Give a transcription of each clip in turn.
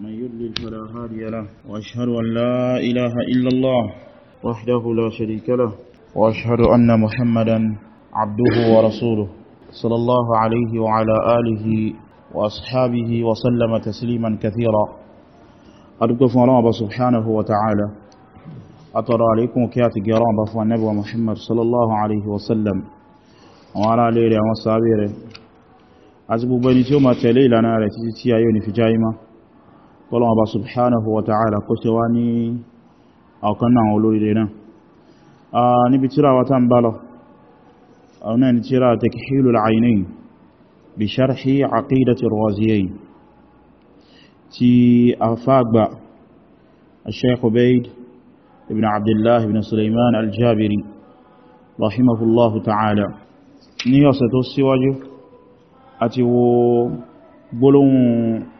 من يضلل فلا هادي له وأشهد أن لا إله إلا الله وحده لا شريك له وأشهد أن محمدا عبده ورسوله صلى الله عليه وعلى آله وأصحابه وسلم تسليما كثيرا أدوك فرابة سبحانه وتعالى اطر عليكم كيات قرابة فالنبوة محمد صلى الله عليه وسلم وعلى اله وصحبه أزبو بني توما تليل أنا لتتيا يوني في جائمة kọ́lọ̀wọ́ bá subhanahu wa ta'ala kó ṣe wá ní ọ̀kan náà olóríire náà níbi tíra wa tán bálọ̀ àwọn ẹni tíra takhilul aynayn bí sharhi aqidati raziyayn ti afagba الشيخ بيد ابن عبد الله بن سليمان الجابري رحمه الله تعالى ní ọ̀sẹ̀ tó síwájú àti wo gbólóhùn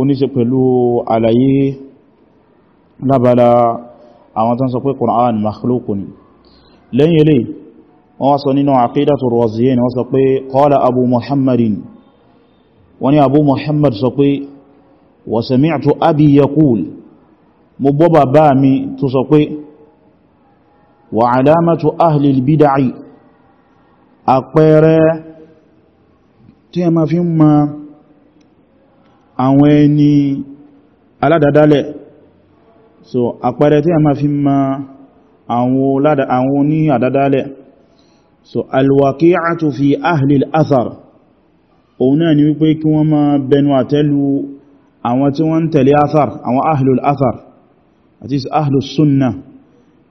oníṣe pẹ̀lú àlàyé lábala àwọn tán sọ pé Qur'an makhluku ni lẹ́yìn ilé wọ́n sọ nínú aqidatu Raziyayn wọ́n sọ pé qala abu muhammadin wọ́n ni abu muhammad sọ pé wa sami'tu abi yaqul mo gbọ́ bàbá mi tó sọ pé wa alamatu ahli al àpẹẹrẹ tí a ma fi ń máa àwọn ẹni aládàdálẹ̀ so àpẹẹrẹ tí a máa fi ma àwọn oní àdádálẹ̀ so alwaqi'atu fi ahli al-athar òun náà ni wípé kí wọ́n máa bẹnu àtẹ́lu àwọn tí wọ́n tẹ̀lé athar àwọn ahlul athar àti ahlus sunnah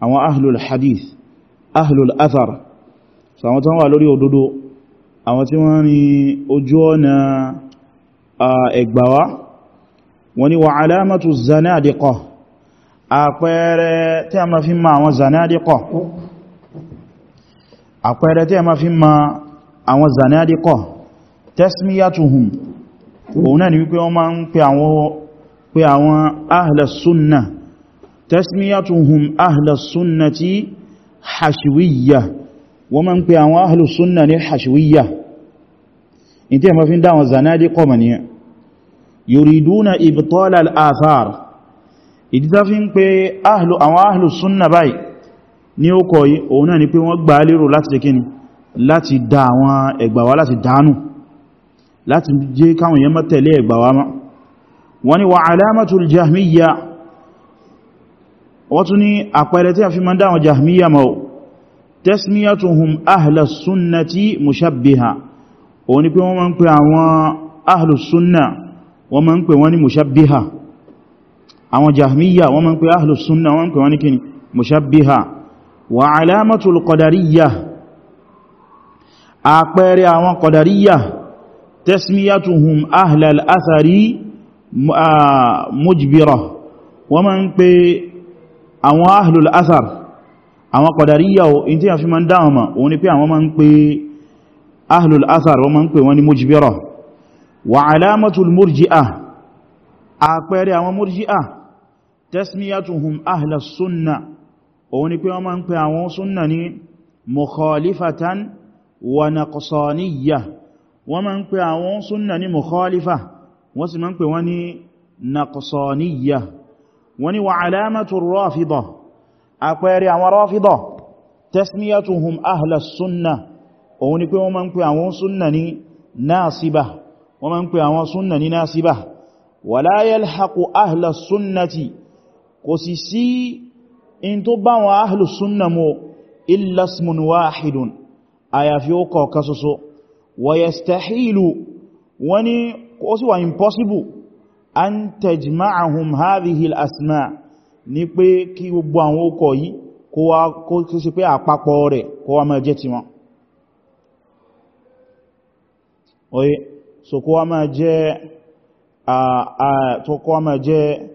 àwọn ahlul hadith ahlul athar so àwọn tí wọ́n wà lórí òdodo àwọn tí wọ́n rí ojú ọ̀nà ẹgbàwá wọ́n ni wà alámàtù zanadiqa àpẹẹrẹ tí a ma fi ma àwọn zanadiqa àpẹẹrẹ tí a ma fi ma àwọn zanadiqa tasmiyatuhum òun náà ni wípé wọ́n ma ń pe àwọn ahlas sunna tasmiyatuhum ahlas sunnati wọ́n ma ń pe àwọn ahlas sunna ní in tí a mafi dáwọn zanadi kọmọ ni yuriduna ibtala al-athar ìdí ta fi ń pè àwọn ahlu sunna báyìí ní ó kọ̀ yìí òun náà ni pé wọ́n gbà lérò láti jẹ́ kíni láti dá àwọn ẹgbàwá láti dánù láti jẹ́ káwọn yẹn má tẹ̀lé ẹgbàwá mọ́ wọ́n ni wà jahmiya wọ́n tún àpẹẹrẹ tí a fi ma dáwọn jahmiya mọ́ tasmiyatuhum ahla sunnati mushabbiha òun ni pé wọ́n máa ń pè àwọn ahlùsúnnà wọ́n máa ń pè wọ́n ní mushabbiha àwọn jahmiya wọ́n máa ń pè ahlùsúnnà wọ́n pè wọ́n ní kíni mushabbiha wa alamatul qadariyya àpẹẹrẹ àwọn qadariyya tasmiyatuhum ahlal athari wọ́n máa ń pè àwọn ahlul àwọn qadariyya ahlul athar wọ́n ma ń pè wọ́n ní mujibira wa alamatul murji'a àpẹẹrẹ àwọn murji'a tasmiyatuhum ahla sunna òun ni pé wọ́n ma ń pè àwọn sunna ní mukhalifatan wa naqsaniyya wọ́n ma ń pè àwọn sunna ní mukhalifa wọ́n sì ma ń pè wọ́n ní naqsaniyya wọ́n ni wa alamatul rafida àpẹẹrẹ àwọn rafida tasmiyatuhum ahla sunna òun ni pé wọ́n máa ń pè àwọn súnnà ní násíbà wọ́n máa ń pè àwọn súnnà ní násíbà wala yalhaqu ahla súnnàtì kò sì sí in tó bá wọn ahlu súnnà mọ́ illa ismun wahidun àyàfi ó kọ̀ọ̀kan ṣoṣo wa yastahilu pé kí gbogbo àwọn okọ̀ yìí kó wá kó sí pé àpapọ̀ rẹ̀ kó wá máa jẹ́ tiwọn oye so kó wá máa jẹ́ tó kó wá máa jẹ́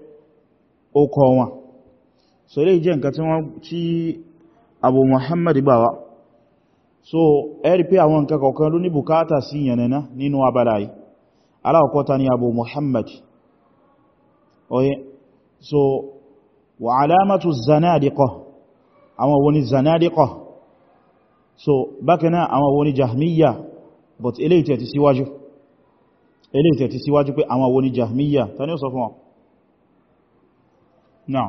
okọ̀ wọn so ilé jẹ́ nǹkan tí wọ́n tí Abu Muhammad gbà wá so ẹ̀rí pé àwọn nǹkan kọ̀ọ̀kan ló ní bùkátà sí yànnà nínú abala yìí aláwọ̀kọ́ta ni Abu Muhammad oye so wa alamatu zanadiqa àwọn wo ni zanadiqa so bákanáà àwọn wo ni jahmiya but eléyìí tẹ̀ ti síwájú eléyìí tẹ̀ ti síwájú pé àwọn wo ni jahmiya ta ni ó sọ fún wọn náà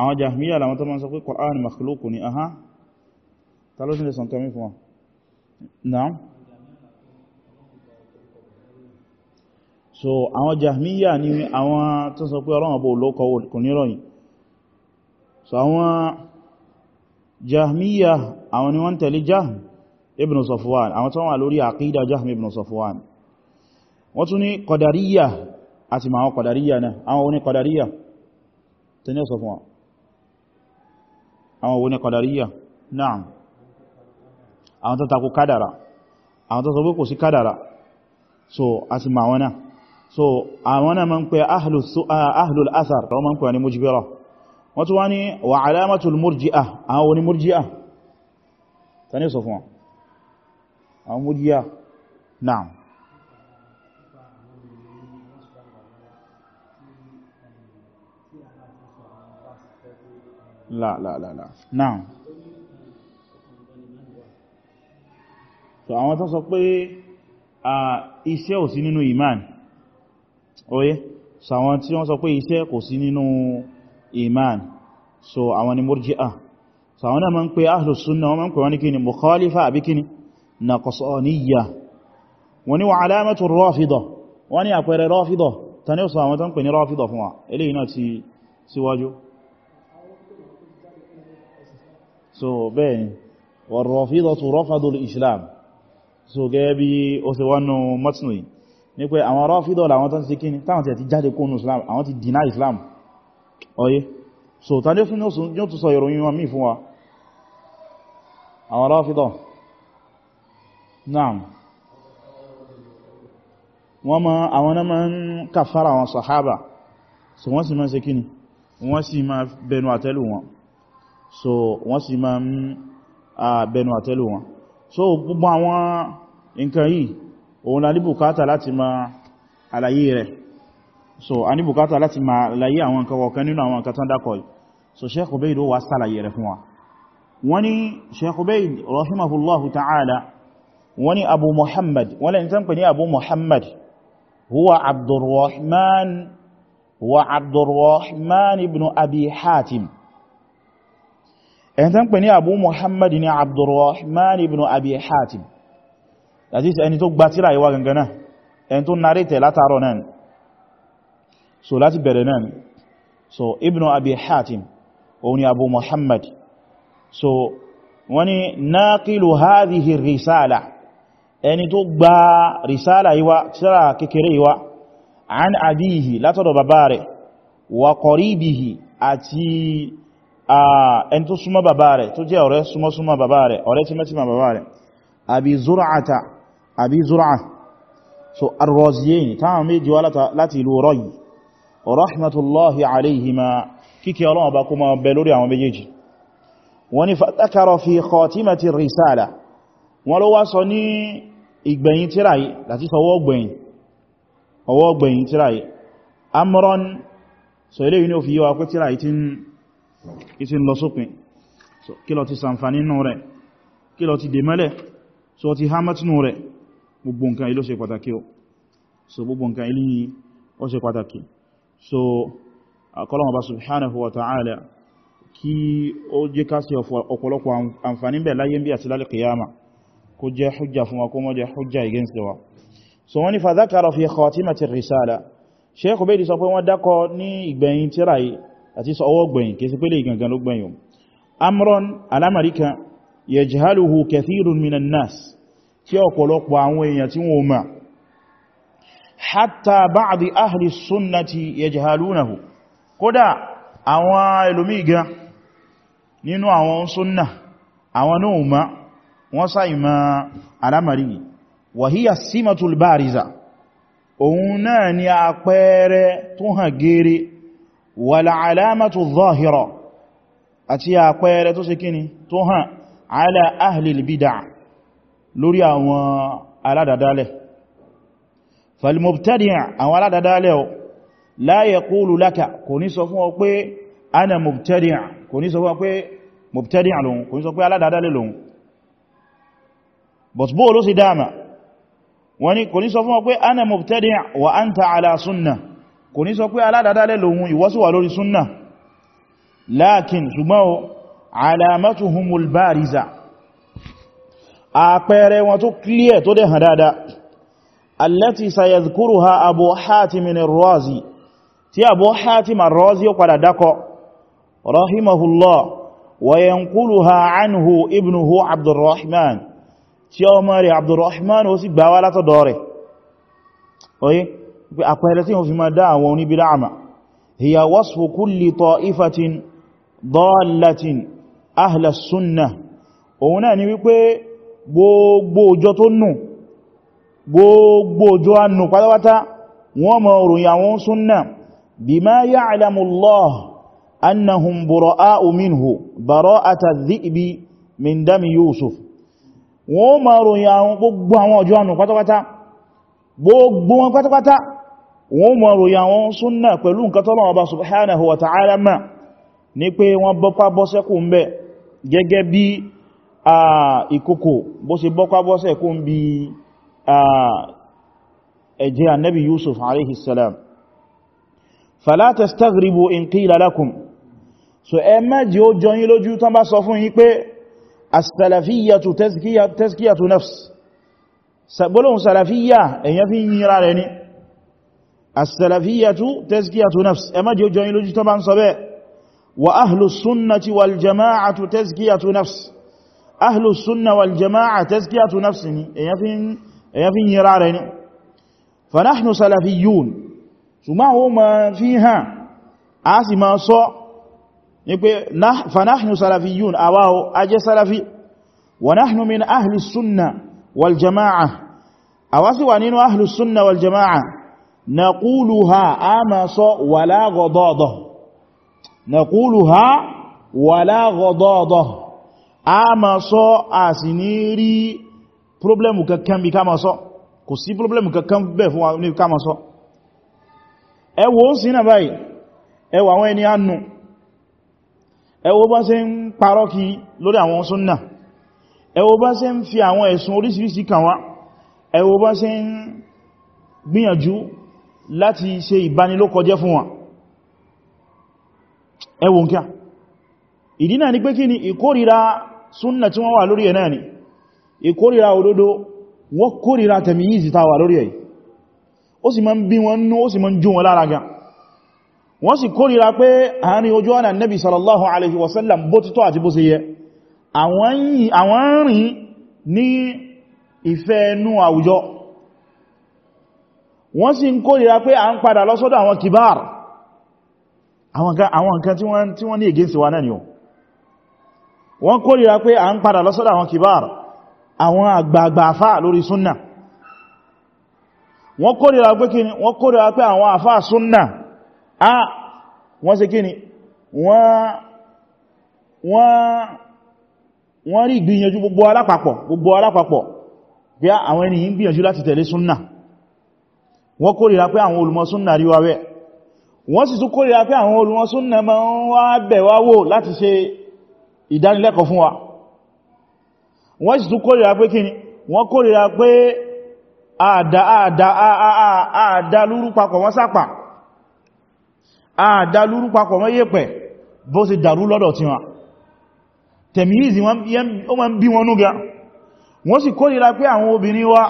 àwọn jahmiya làwọn tó máa sọ pé Qur'an makhluku ni aha ta ló sí lè sọ̀nkẹ́mí fún wọn náà so àwọn jahmiya ni àwọn tó sọ pé ọlọ́wọ́ bó lókọ̀ọ́ kò níròyìn so àwọn jahmiya àwọn ni wọ́n tẹ̀lé jahm ibn safwan àwọn tó wà lórí àkídà jahm ibn safwan wọ́n tún ní kọ̀dàríyà àti ma àwọn kọ̀dàríyà náà àwọn oní kọ̀dàríyà tí ní safwan àwọn oní kọ̀dàríyà náà àwọn tó takò kádàrà àwọn tó sọ so àti ma wọn náà so àwọn náà ma ń pẹ ahlul athar tó ma ń pẹ ní mujibira wọ́n tún wá ní wà alamatul murji'ah àwọn oní murji'ah ta ní sọ fún wọn àwọn murji'ah naam la la la la naam so àwọn tó sọ pé iṣẹ́ ò sí nínú iman oye so àwọn tí wọ́n sọ pé iṣẹ́ kò sí nínú iman iman so àwọn ni murji'a so àwọn náà ma ń pè ahlus sunna wọ́n ma ń pè wọ́n ní kíni mukhalifa àbí kíni naqsaniyya wọ́n ni wa alamatu rafida wọ́n ni àpẹẹrẹ rafida ta ní ọ̀sọ̀ àwọn tó ń pè ní rafida fún wa eléyìí náà ti síwájú so bẹ́ẹ̀ni wa rafidatu rafadul islam so gẹ́gẹ́ bí ó ṣe wọnú matnu yìí ní pé àwọn rafida làwọn tó ń ṣe kíni táwọn ti jáde kónú islam àwọn ti dínà islam ọyé so ta ní fún yóò tún sọ ìròyìn wọn mí fún wa àwọn ráfídọ̀ náà wọ́n ma àwọn náà máa ń kàfàrà àwọn sàhábà so wọ́n sì máa ṣe kíni wọ́n sì máa bẹnu àtẹ́lù wọn so wọ́n sì máa ń bẹnu àtẹ́lù wọn so gbogbo àwọn nǹkan yìí òun la ní láti máa àlàyé rẹ̀ so a ní bùkátà láti ma láyé àwọn nǹkan kọ̀ọ̀kan nínú àwọn nǹkan tán dákọ̀ so Sheikh Ubaid ó wá sàlàyé rẹ̀ fún wa wọ́n ní Sheikh Ubaid rahimahullahu ta'ala wọ́n ní Abu Muhammad wọ́n lẹ́ni tán pè ní Abu Muhammad huwa Abdurrahman wa Abdurrahman ibn Abi Hatim ẹni tán pè ní Abu Muhammad ni Abdurrahman ibn Abi Hatim that is ẹni tó gbatira ìwà gangana ẹni tó narrate látàrọ náà so láti bẹ̀rẹ̀ náà ni so ibn abi hatim òun ni abu muhammad so wọ́n ni naqilu hadhihi risala ẹni tó gba risala yíwa tíra kékeré yíwa an abihi látọ̀dọ̀ bàbá rẹ̀ wa qaribihi àti ẹni tó súnmọ́ bàbá rẹ̀ tó jẹ́ ọ̀rẹ́ súnmọ́súnmọ́ bàbá rẹ̀ ọ̀rẹ́ tímẹ́tímẹ́ rahmatullahi alayhima kíkẹ́ Ọlọ́run bá kuma bẹ lórí àwọn méjèèjì wọ́n ní fàtàkàrọ̀ fi khatimati risala wọ́n ló wá sọ ní ìgbẹ̀yìn tíra yìí láti sọwọ́ gbẹ̀yìn ọwọ́ gbẹ̀yìn tíra yìí amran so ilé yìí ni ó fi yíwa pé tíra yìí ti ń lọ sópin so kí ló ti so akọ́lọ́wọ́ bá subhanahu wa ta'ala kí ó jẹ́ kásí ọ̀pọ̀lọpọ̀ àǹfàní bẹ̀ láyé bí àti lálẹ́ kìyàmà kó jẹ́ hujja fún wa mọ́ jẹ́ hujja against wa so wọ́n ni fa dhakara fi khatimati risala sheikh obedi sọ pé wọ́n dákọ ní ìgbẹ̀yìn tíra yìí àti sọ ọwọ́ gbẹ̀yìn kìí sí pé lè gangan ló gbẹ̀yìn amron alamarika yajhaluhu kathirun minan nas tí ọ̀pọ̀lọpọ̀ àwọn èèyàn tí wọ́n mọ̀ hatta ba'di ahli sunnati yajhalunahu kódà àwọn ẹlòmí gan nínú àwọn sunna àwọn náà ma wọ́n sáì ma alamari wa hiya simatul bariza òun náà ni àpẹẹrẹ tó hàn gẹ́rẹ́ wal alamatu zahira àti àpẹẹrẹ tó ṣe tó hàn ala ahli bid'ah lórí àwọn aládàdálẹ̀ فالمبتدع àwọn aládádálẹ̀ ọ la yaqulu laka kò ní sọ fún ọ pé ana mubtadi' kò ní sọ fún ọ pé mubtadi' lòun kò ní sọ pé aládádálẹ̀ lòun but bó ló sì dáma wọ́n ni kò ní sọ fún ọ pé ana mubtadi' wa anta ala sunna kò ní sọ pé aládádálẹ̀ lòun ìwọ sì wà lórí sunna lakin ṣùgbọ́n alamatuhumul bariza àpẹẹrẹ wọn tó clear tó dẹ̀ hàn dáadáa التي سيذكرها أبو حاتم الرازي تي أبو حاتم الرازي قد دقى رحمه الله وينقلها عنه ابنه عبد الرحمن تي أمر عبد الرحمن وسيب بوالة داره وي أقوالتين في مدى وني بالعمى هي وصف كل طائفة ضالة أهل السنة هنا نبقى gbogbo ọjọ́ gbogbo ojú annù pátápátá wọ́n mọ̀ òròyìn àwọn súnnà bima ya'lamu Allah annahum bura'a'u minhu bara'ata dhi'bi min dami Yusuf wọ́n mọ̀ òròyìn àwọn gbogbo àwọn ojú annù pátápátá gbogbo wọn pátápátá wọ́n mọ̀ òròyìn àwọn súnnà pẹ̀lú nǹkan ní pé wọ́n bọ́pá bọ́sẹ́kù ń bẹ̀ gẹ́gẹ́ bí ìkòkò bó ṣe bọ́pá bọ́sẹ̀kù ń bí i ẹ̀jẹ̀ annabi yusuf alaihi salam fala tastaghribu in qila lakum so ẹ mẹ́jì ó jọ yín lójú tán bá sọ fún yín pé as-salafiyyatu tazkiyatu nafs gbólóhùn salafiyya èyàn fi yíra rẹ̀ ní as-salafiyyatu tazkiyatu nafs ẹ mẹ́jì ó jọ yín lójú tán bá ń sọ bẹ́ẹ̀ wa ahlus sunnati wal jama'atu tazkiyatu nafs èyàn fi yìnra rẹ̀ ní fanahnu salafiyun ṣùgbọ́n o ma fi hàn a sì ma sọ ní pé fanahnu salafiyun àwáwọ́ ajẹ́ salafi wa nahnu min ahli sunna wal jama'a àwa sì wà nínú ahli sunna wal jama'a naquluha a ma sọ wala ghadadah naquluha wala ghadadah a ma sọ a sì ní rí problemu kankan bí ká ma sọ kò sí problemu kankan bẹ̀ fún wa ní ká ma sọ ẹwọ ń sínà báyìí ẹwọ àwọn ẹni annu ẹwọ bá ṣe ń parọ́ kí lórí àwọn súnnà ẹwọ bá ṣe ń fi àwọn ẹ̀sùn oríṣiríṣi kàn wá ẹwọ bá ṣe ń gbìyànjú láti ṣe ìbanilókọjẹ́ fún wa ẹwọ nkíà ìdí náà ni pé kí ni ìkórìíra súnnà tí wọ́n wà lórí ẹ̀ náà ni ìkórìíra òdodo wọ́n kórìíra tẹ̀mí yìí sí tàwà lórí ẹ̀ ó sì máa ń bí wọn nú ó sì máa ń jú wọn lára gan wọ́n sì pé àárín ojú ọ̀nà sallallahu alaihi wasallam bó títọ́ àti bó ṣe yẹ àwọn rìn ní ìfẹ́ wọ́n sì pé à ń padà lọ́sọ́dọ̀ àwọn àwọn àgbààgbà àfáà lórí súnnà wọ́n kórìíra pé kíni wọ́n kórìíra pé àwọn àfáà súnnà a wọ́n ṣe kíni wọ́n rí gbìyànjú gbogbo alápapọ̀ gbogbo alápapọ̀ bí àwọn ènìyàn gbìyànjú láti tẹ̀lé súnnà wọ́n kórìíra pé àwọn olùmọ̀ súnnà rí wáwẹ́ wọ́n sì tún kórìíra pé àwọn olùmọ̀ súnnà máa ń wá bẹ̀ wá láti ṣe ìdánilẹ́kọ̀ọ́ fún wa wọ́n sì tún kórìíra pé kíni wọ́n kórìíra pé àdá àdá wọ́n sápà àdá lúrú papọ̀ wọ́n yẹ̀pẹ̀ bó ṣe dàrú lọ́dọ̀ tí wọn tẹ̀míyìzì ó ma bí wọn núga wọ́n sì kórìíra pé àwọn obìnrin wa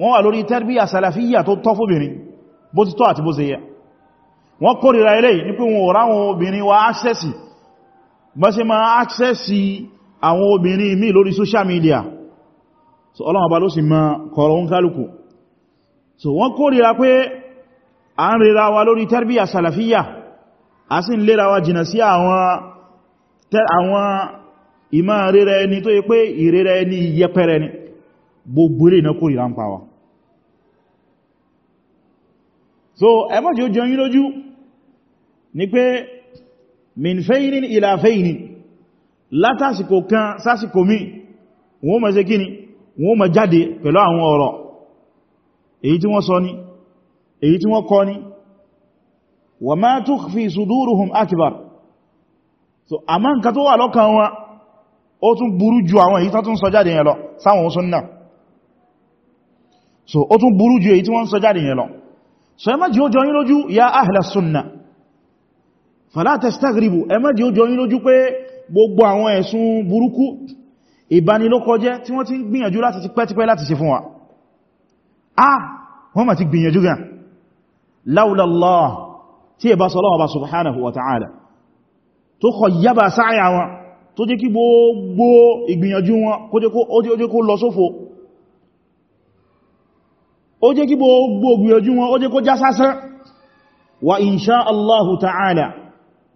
wọ́n wà lórí tẹ́rbíyà sàlàfíyà tó tọ́ fóbìnrin bó ti tọ́ àti bó yẹ wọ́n kórìíra eléyìí ní pé wọn wa áṣẹ́sì ma áṣẹ́sì àwọn obìnrin míì lórí social media so ọlọ́wọ́ bá ló sì ma kọ̀rọ̀ ń kálùkù so wọ́n kórìíra pé a ń rira wa lórí tarbiyya salafiyya a sì ń lera wa jìnà sí àwọn ìmá rírẹ ẹni tó yẹ pé ìrírẹ ẹni yẹpẹrẹ ni gbogbo ilé iná kórìíra ń pa so ẹmọ́ tí ó jẹun yí lójú ni pé min fẹ́yìn ila fẹ́yìn látàsìkò kan sásìkò mí wọ́n mọ̀ ṣe kíni wọ́n mọ̀ jáde pẹ̀lú àwọn ọ̀rọ̀ èyí tí wọ́n sọ ní èyí tí wọ́n kọ ní wa ma tukhfi suduruhum akbar so àmá nǹkan tó wà lọ́kàn wọn ó tún burú ju àwọn èyí tó tún sọ jáde yẹn lọ sáwọn sunna so ó tún burú ju èyí tí wọ́n sọ jáde yẹn lọ so ẹ má jẹ́ ó jọ yín lójú ya ahla sunna fala tastaghribu ẹ má jẹ́ ó jọ yín lójú pé gbogbo àwọn ẹ̀sùn burúkú ìbanilókọjẹ́ tí wọ́n ti ń gbìyànjú láti ti pẹ́tipẹ́ láti ṣe fún wa ah wọ́n ma ti gbìyànjú gan laula Allah tí ẹ̀bá sọ́lọ́wọ́ bá subhanahu wa ta'ala tó kọ yába sáyà wọn tó jẹ́ kí gbogbo ìgbìyànjú wọn kó jẹ́ kó lọ sófo ó jẹ́ kí gbogbo ìgbìyànjú wọn ó já sásán wa insha Allahu ta'ala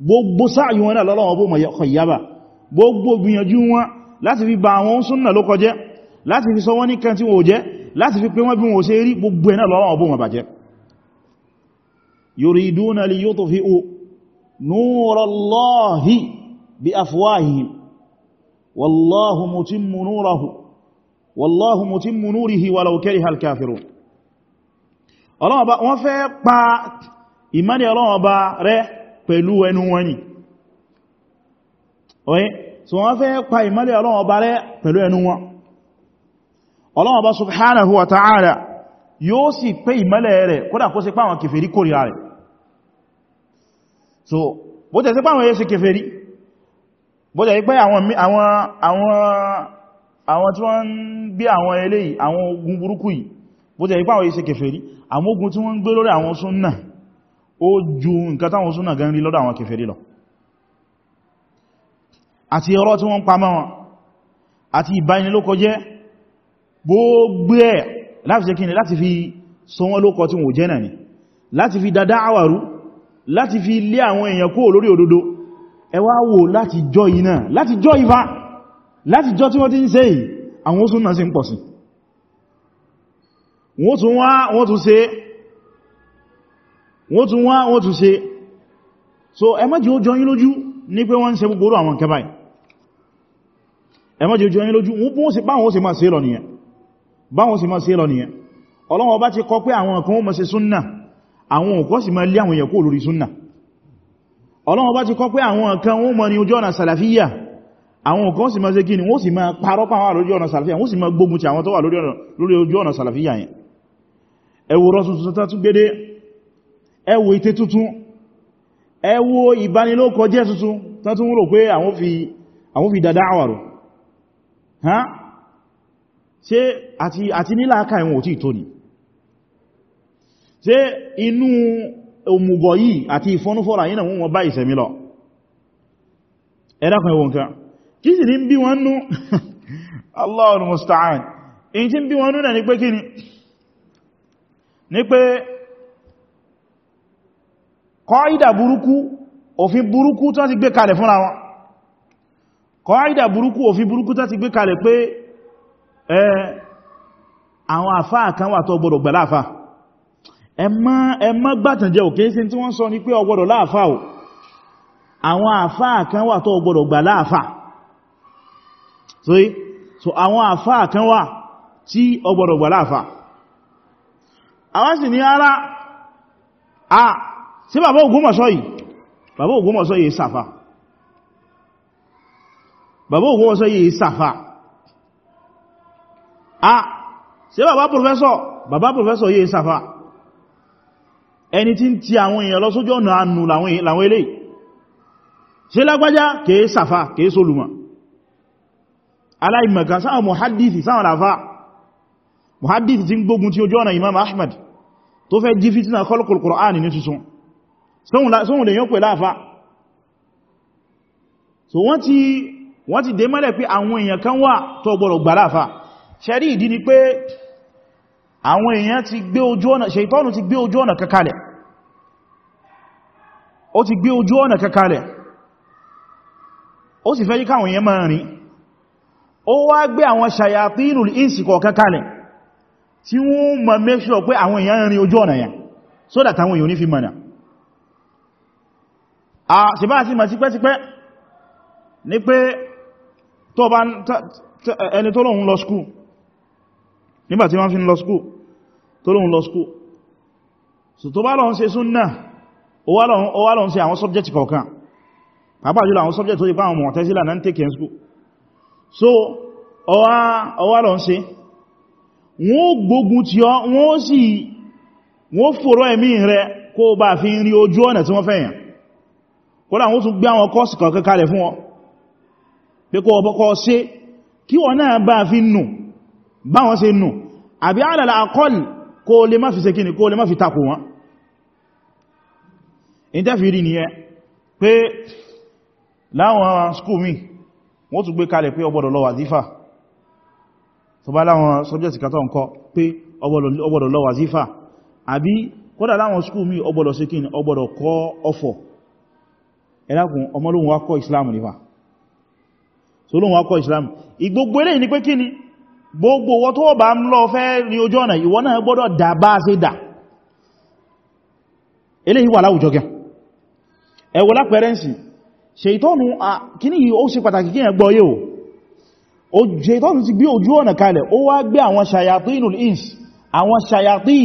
gbogbo sáàyí wọn náà lọ́lọ́wọ́ bó mọ̀ yàbá gbogbo gbìyànjú wọn láti fi ba àwọn súnnà ló kọjẹ́ láti fi sọ wọ́n ní kan tí wọ́n jẹ́ láti fi pé wọ́n bí wọ́n ṣe rí gbogbo ẹ̀nà lọ́lọ́wọ́ bó mọ̀ bàjẹ́ yuriduna li yutfi'u nurallahi ọlọ́wọ́ bá rẹ̀ pẹ̀lú ẹnu wọn ni ọ̀yẹ́ so wọ́n fẹ́ pa ìmọ́lẹ̀ Ọlọ́run Ọba rẹ́ pẹ̀lú ẹnu wọn Ọlọ́run Ọba subhanahu wa ta'ala yóò sì pé ìmọ́lẹ̀ rẹ̀ kódà kó so bó tẹ̀ sí pé àwọn èyí ṣe kèfèrí bó tẹ̀ sí pé àwọn tí wọ́n ń gbé àwọn eléyìí àwọn ogun burúkú yìí bó tẹ̀ sí pé àwọn èyí àwọn ogun tí wọ́n ń gbé lórí àwọn súnnà ó ju nǹkan táwọn súnà gan rí lọ́dọ̀ àwọn kèfèrí lọ àti ọ̀rọ̀ tí wọ́n pamọ́ wọn àti ìbánilókọ jẹ́ gbogbo ẹ̀ láti ṣe kíni láti fi sọ tí wọ́n jẹ́ náà ni láti fi dada àwàrú láti fi lé àwọn èèyàn kó lórí òdodo ẹ wá wò láti jọ iná láti jọ ìfà láti jọ tí wọ́n ti ń ṣe yìí àwọn súnà sì ń pọ̀ sí wọ́n tún wá wọ́n tún ṣe wọ́n tún wá wọ́n tún ṣe so ẹ má jẹ́ ó jọ yín lójú ní pé wọ́n ń ṣe gbogbo àwọn kẹba ẹ má jẹ́ ó jọ yín lójú wọ́n se báwọn ṣe máa ṣe lọ nìyẹn báwọn ṣe máa ṣe lọ nìyẹn Ọlọ́run bá ti kọ pé àwọn kan máa ṣe súnnà àwọn òkọ́ sì máa lé àwọn èèyàn kó lórí súnnà Ọlọ́run bá ti kọ pé àwọn kan wọ́n máa ní ojú ọ̀nà sàlàfíyà àwọn òkọ́ sì máa ṣe kí ni wọ́n sì máa parọ́ pàwọn lórí ọ̀nà sàlàfíyà wọ́n sì máa gbógun ti àwọn tó wà lórí ojú ọ̀nà sàlàfíyà yẹn ẹwùrọ̀ tuntun tó gbédé ewu ite tuntun ewu wo ìbanilókọjẹ́ tuntun tán rò pé àwọn fi dada àwàrò ha ṣe àti nílá aka ìwọ̀n òtí ìtò ni ṣe inú òmùgọ̀ yìí àti ìfọ́núfọ́ra yìí náà wọ́n bá ìsẹ̀mí lọ ẹ̀dàkùn ẹwọ nǹkan kí sì ní bí wọ́n nú musta'an èyí tí bí wọ́n nú kọ́ìdà burúkú òfin burúkú tó ti gbé kalẹ̀ fúnra wọn kọ́ìdà burúkú òfin burúkú tó ti gbé kalẹ̀ pé ẹ àwọn àfáà kan wà tó gbọdọ̀ gbà láàfà ẹ má gbàtànjẹ́ òkè sí tí wọ́n sọ ní pé ọgbọdọ̀ láàfà o àwọn àfáà kan wà tó gbọdọ̀ gbà láàfà so àwọn àfáà kan wà tí ọgbọdọ̀ gbà láàfà àwọn sì ní ara a sí bàbá Ògbómọ̀ṣọ́ yìí bàbá Ògbómọ̀ṣọ́ yìí sàfà bàbá Ògbómọ̀ṣọ́ yìí sàfà a sí bàbá pòfẹ́sọ̀ bàbá pòfẹ́sọ̀ yìí sàfà ẹni tí ń ti àwọn èèyàn lọ sójú ọ̀nà ànù làwọn ilé ṣe lágbájá kèé sàfà kèé sólùmọ̀ aláìmọ̀kan sáwọn muhaddithi sáwọn àfà muhaddithi ti ń gbógun ti ojú ọ̀nà Imam Ahmad tó fẹ́ jí fitina kọlùkùl Qur'ani ní tuntun sóhun lè yán pè láàfá so wọ́n ti wọ́n ti dé mọ́lẹ̀ pé àwọn èèyàn kan wà tó gbọ́rọ̀ gbà láàfá ṣẹ́rí ìdí ni pé àwọn èèyàn ti gbé ojú ọ̀nà ṣeìtọ́nù ti gbé ojú ọ̀nà kakalẹ̀ ó ti gbé ojú ọ̀nà kakalẹ̀ ó sì fẹ́ yí káwọn èèyàn máa rìn make sure pé àwọn èèyàn rìn ojú ọ̀nà so that àwọn èèyàn ní a sì bá sí ma sí pẹ́sípẹ́ ní pé tó bá ẹni tó lóhun lọ skú nígbàtí wọ́n fi lọ skú tó lóhun lọ skú so tó bá lọ ń ṣe súnnà ó wá lọ ń ṣe àwọn subject kọ̀ọ̀kan pàápàá jùlọ àwọn subject tó ipá àwọn Mu'tazila náà take in school so ó wá lọ ń ṣe wọ́n gbógun ti ọ wọ́n sì wọ́n fòrọ ẹ̀mí rẹ kó bá fi rí ojú ọ̀nà tí wọ́n fẹ́yàn kọ́lá wọ́n tún gbé àwọn kọ́ọ̀sì kan kalẹ̀ fún wọn pé kọ́ ọbọ́kọ́ ṣe kí wọ́n náà bá fi nù bá wọn ṣe nù àbí àdàlà àkọ́lì kó lè má fi ṣe kíni kó lè má fi takò wọn ìtẹ́fìrí ni ẹ pé láwọn skúl mi wọ́n tún gbé kalẹ̀ pé ọgbọ́dọ̀ lọ wàzífà tó bá láwọn sọ́jẹ́sì kátọ̀ ń kọ́ pé ọgbọ́dọ̀ lọ wàzífà àbí kọ́dà láwọn skúl mi ọgbọ́dọ̀ ṣe kíni ọgbọ́dọ̀ ẹlákùn ọmọlóhun akọ́ islam nífà so lóhun akọ́ islam igbogbo eléyìí ni pé kí ni gbogbo owó tó bá ń lọ fẹ́ rí ojú ọ̀nà ìwọ náà gbọ́dọ̀ dà bá sí dà eléyìí wà láwùjọ gẹ ẹwọ lápẹrẹnsì ṣètọ́nù kíní yìí ó ṣe pàtàkì kí ti gbé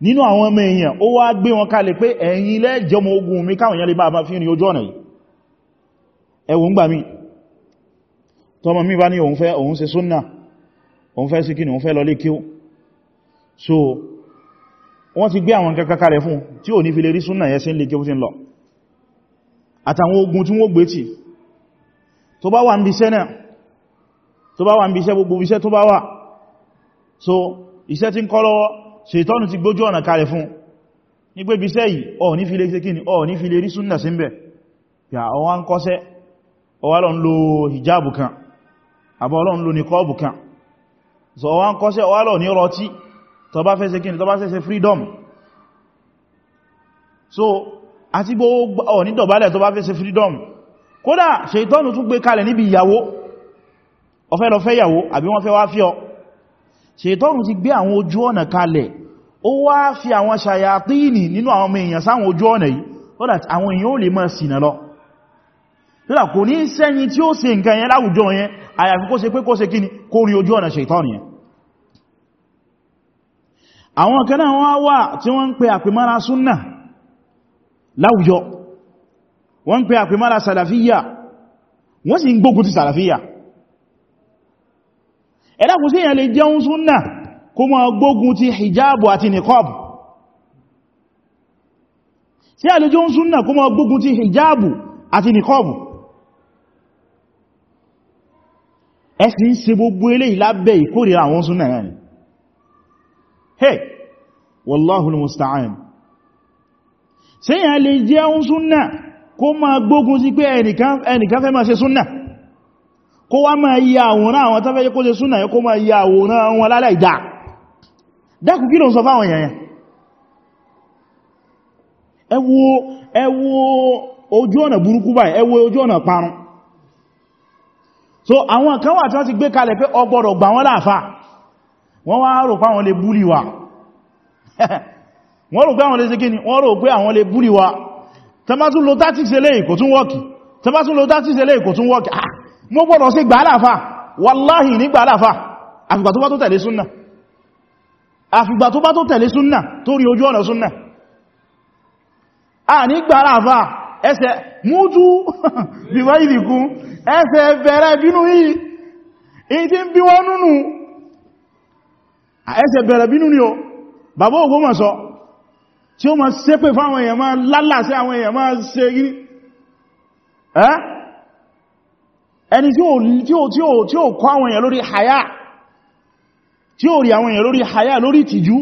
nínú àwọn ọmọ èèyàn ó wá gbé wọn kalẹ̀ pé ẹ̀yin lẹ́jọmọ ogun mi káwọn yẹn lè bá fi rin ojú ọ̀nà yìí ẹwùn gbà mí tọmọ mi bá ní òun fẹ́ òun ṣe súnnà òun fẹ́ síkí ni òun fẹ́ lọ lé kí ó so wọ́n ti gbé àwọn kankan kalẹ̀ fún tí ò ní fi lè rí súnnà yẹn sí lè kí ó ti lọ àtàwọn ogun tí wọ́n gbé tì tó bá wà ń bíṣẹ́ náà tó bá wà ń bíṣẹ́ gbogbo iṣẹ́ tó bá wà so iṣẹ́ ti ń kọ́ lọ́wọ́ ṣètọ́nù ti gbójú ọ̀nà kalẹ̀ fún ní pé bí sẹ́yìí ọ̀ ní fi lè ṣe kíni ọ̀ ní fi lè rí súnnà sí mẹ́ pẹ̀ ọwá ń kọ́sẹ́ ọwá lọ ń lo hijabu kan àbọ̀ lọ ń lo nikọ́bù kan so ọwá ń kọ́sẹ́ ọwá lọ ní rọtí tó bá fẹ́ ṣe kíni tó bá fẹ́ ṣe freedom so àti gbogbo ọ̀ ní dọ̀bálẹ̀ tó bá fẹ́ ṣe freedom kódà ṣètọ́nù tún gbé kalẹ̀ níbi ìyàwó ó fẹ́ lọ fẹ́ ìyàwó àbí wọ́n ṣètọ́nù ti gbé àwọn ojú ọ̀nà kalẹ̀ ó wá fi àwọn ṣàyàtíìnì nínú àwọn ọmọ èèyàn sáwọn ojú ọ̀nà yìí so that àwọn èèyàn ó lè máa ṣìnà lọ nígbà kò ní sẹ́ni tí ó ṣe nǹkan yẹn láwùjọ yẹn àyàfi kó ṣe pé kó ṣe kíni kó rí ojú ọ̀nà ṣètọ́nù yẹn àwọn kan náà wọ́n ẹ̀dàkùn sí èyàn lè jẹun súnnà kó máa gbógun ti hijabu àti niqab sí èyàn lè jẹun súnnà kó máa gbógun ti hijabu àti niqab ẹ̀sìn ṣe gbogbo eléyìí lábẹ́ ìkórìíra àwọn súnnà náà hey wallahu al-musta'an sí èyàn lè jẹun súnnà kó máa gbógun sí kó wá máa yí àwòrán àwọn tó fẹ́ yẹ kó ṣe súnà yẹ kó máa yí àwòrán wọn lálẹ́ ìdá dákù kí ló ń sọ fáwọn èèyàn ẹ wo ojú ọ̀nà burúkú báyìí ẹ ojú ọ̀nà parun so àwọn kan wà tí wọ́n ti gbé kalẹ̀ pé ọgbọ̀rọ̀ gbà wọ́n láàfà wọ́n wá rò pé àwọn lè búlì wa wọ́n rò pé àwọn lè ṣe kíni wọ́n rò pé àwọn lè búlì wa tẹ́mátún lo tactics eléyìí kò tún wọ́ọ̀kì tẹ́mátún lo tactics eléyìí kò tún wọ́ọ̀kì ah mo gbọ́dọ̀ sí gbàálàfà wàláhì ní gbàálàfà àfìgbà tó bá tó tẹ̀lé súnnà àfìgbà tó bá tó tẹ̀lé súnnà tó rí ojú ọ̀nà súnnà a ní gbàálàfà ẹsẹ̀ mújú bíwá ìdìkún ẹsẹ̀ bẹ̀rẹ̀ bínú yìí in ti ń bí bẹ̀rẹ̀ bínú ẹni tí ó kọ àwọn èèyàn lórí hayá tí ó rí àwọn èèyàn lórí lórí ìtìjú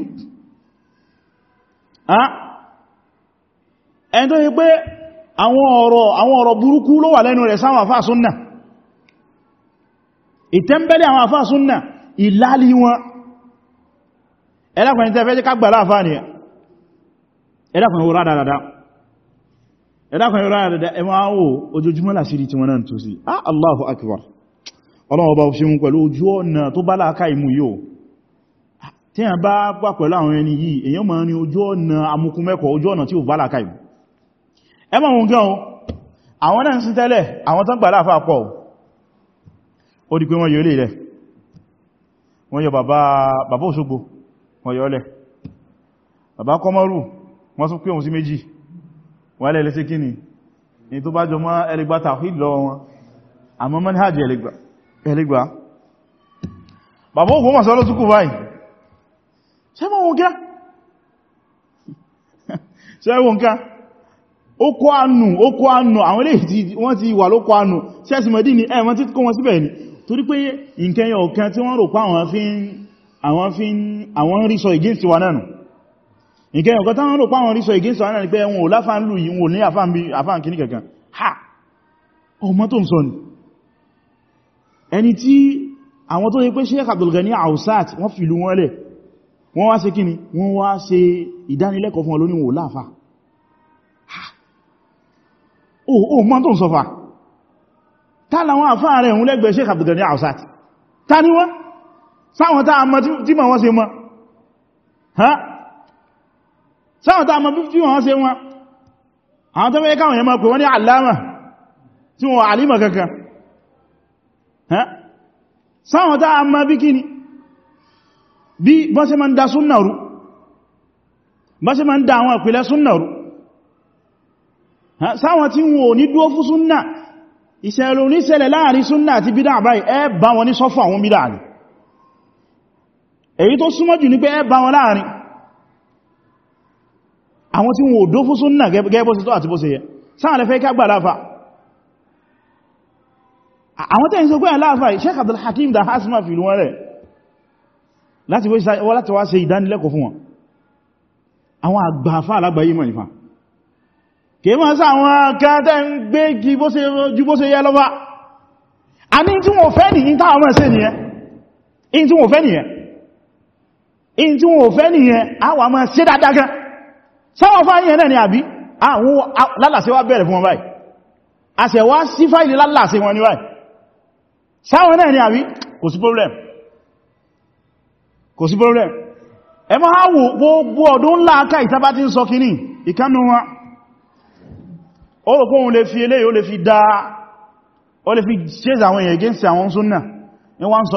ẹni tó yí pé àwọn ọ̀rọ̀ àwọn ọ̀rọ̀ burúkú ló wà lẹ́nu rẹ̀ sáwọn àfáà súnnà ìtẹ́mbẹ́lẹ̀ àwọn àfáà súnnà ìlàlí wọn ẹlẹ́kùnrin tẹ́fẹ́ jẹ́ ká gbà láàfáà ẹlẹ́kùnrin ẹ̀dàkùn ẹ̀rọ àrẹ̀dà ẹwà áwò ojoojúmọ́ làṣírí tí wọ́n náà tó sí ah Allahu akbar ọlọ́wọ́ bá ṣe mú pẹ̀lú ojú ọ̀nà tó bá láàká ìmú yóò tí a bá pà pẹ̀lú àwọn ẹni yìí èyàn máa ní ojú ọ̀nà amúkúmẹ́kọ̀ ojú ọ̀nà tí ó bá láàká ìmú ẹ mọ̀ wọn gan àwọn náà sí tẹ́lẹ̀ àwọn tán gbàlá fà pọ̀ ó di pé wọ́n lẹ́lẹ́ sí kí ni ní tó bá jọ mọ́ ẹlẹgbà tàwíd lọ wọn àmọ́ manhaj ẹlẹgbà bàbá òkú mọ̀ sọ́lọ́ túnkù báyìí ṣe mọ́ wọn gá ṣe wọn ká ó kó ànù ó ànù àwọn ilé ni ẹ̀ wọ́n ti kó wọn síbẹ̀ ni torí pé nǹkan yọ̀ọ̀kan ìkẹyìn ọ̀gọ́ táwọn rò páwọn rísọ ìgé sọ ní pé wọn ò láfà ń lù yí wọn ní àfáàn kìí kankan ha ọmọ tó ń sọ ni ẹni tí àwọn tó yí pé Sheikh Abdul Ghani Ausat wọ́n fìlú wọn lẹ̀ wọ́n wá ṣe kíni wọ́n wá ṣe ìdánilẹ́kọ̀ọ́ fún olóníwò láfà o mọ́ tó ń sọ fà ha sáwọn tàà mọ̀ 50 wọn ṣe wọn àwọn tó mẹ́ká wọn yẹ máa pè wọ́n ní àlámà tí wọ́n àlímà kankan sáwọn tàà mọ̀ bí kíni bí bọ́n ṣe máa ń da súnnàrú bọ́n ṣe máa ń da àwọn ìpìlẹ̀ súnnàrú sáwọn tí wọ́n ní dúó fún súnnà ìṣẹ̀lẹ̀ oníṣẹ̀lẹ̀ láàrin súnnà àti àwọn tí wọn ò dó fún súnnà gẹ́gẹ́ bó ṣe tọ́ àti bó ṣe yẹ sáà lẹ́fẹ́ ká gbà láàfà àwọn tẹ́yìn sọ gbẹ́yàn láàfà Sheikh Abdul Hakim da hasma fi lúwọ́n rẹ̀ láti wá ṣe ìdánilẹ́kọ̀ọ́ fún wọn àwọn àgbàfà alágbàáyé mọ̀ nífà kìí mọ́ sá àwọn akẹ́tẹ́ ń gbé ju bó ṣe yẹ lọ́wà a ní tí wọ́n fẹ́ nìyí táwọn mọ̀ sí nìyẹn in tí wọ́n a wà mọ̀ sí dáadáa gan sáwọn fáyí ẹ̀nà ni àbí àwọn lálàsí wá bẹ̀rẹ̀ fún wọn báyìí a sẹ̀ wá sí fáìlì lálàsí wọn ni sáwọn ẹ̀nà ni àbí kò sí problem kò sí problem ẹ mọ́ háwò gbogbo ọdún ńlá aká ìtàbá tí ń sọ kìíní ìkánu wọn ó rò pé òun lè fi eléyìí ó lè fi dá ó lè fi ṣéz àwọn èèyàn gẹ́ǹsì àwọn súnnà ní wọ́n sọ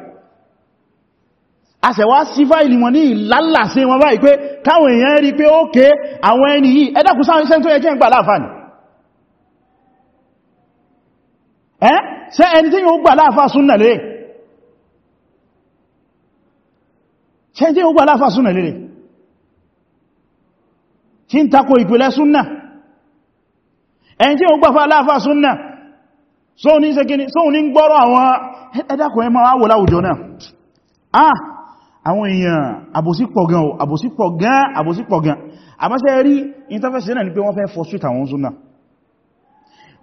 àṣẹ̀wá sí fáìlì wọn ní ìlàlà sí wọn báyìí pé káwọn èèyàn rí pé ókè àwọn ẹni yìí ẹ̀dàkùn sáwọn iṣẹ́ tó yẹ kí ń gbà láàfáàní ẹ́ ṣe ẹni tí yóò gbà láàfáà súnnà lè ṣe tí yóò gbà láàfáà súnnà lè tí ń takò ìpìlẹ̀ súnnà ẹni tí yóò gbà láàfáà súnnà sóhun ní gbọ́rọ̀ àwọn ẹ̀dàkùn ẹ àwọn èèyàn àbòsípọ̀ gan àbòsípọ̀ gan àbòsípọ̀ gan àbáṣẹ́ rí ìntàfẹ́sẹ̀ náà ni pé wọ́n fẹ́ frustrate àwọn súnà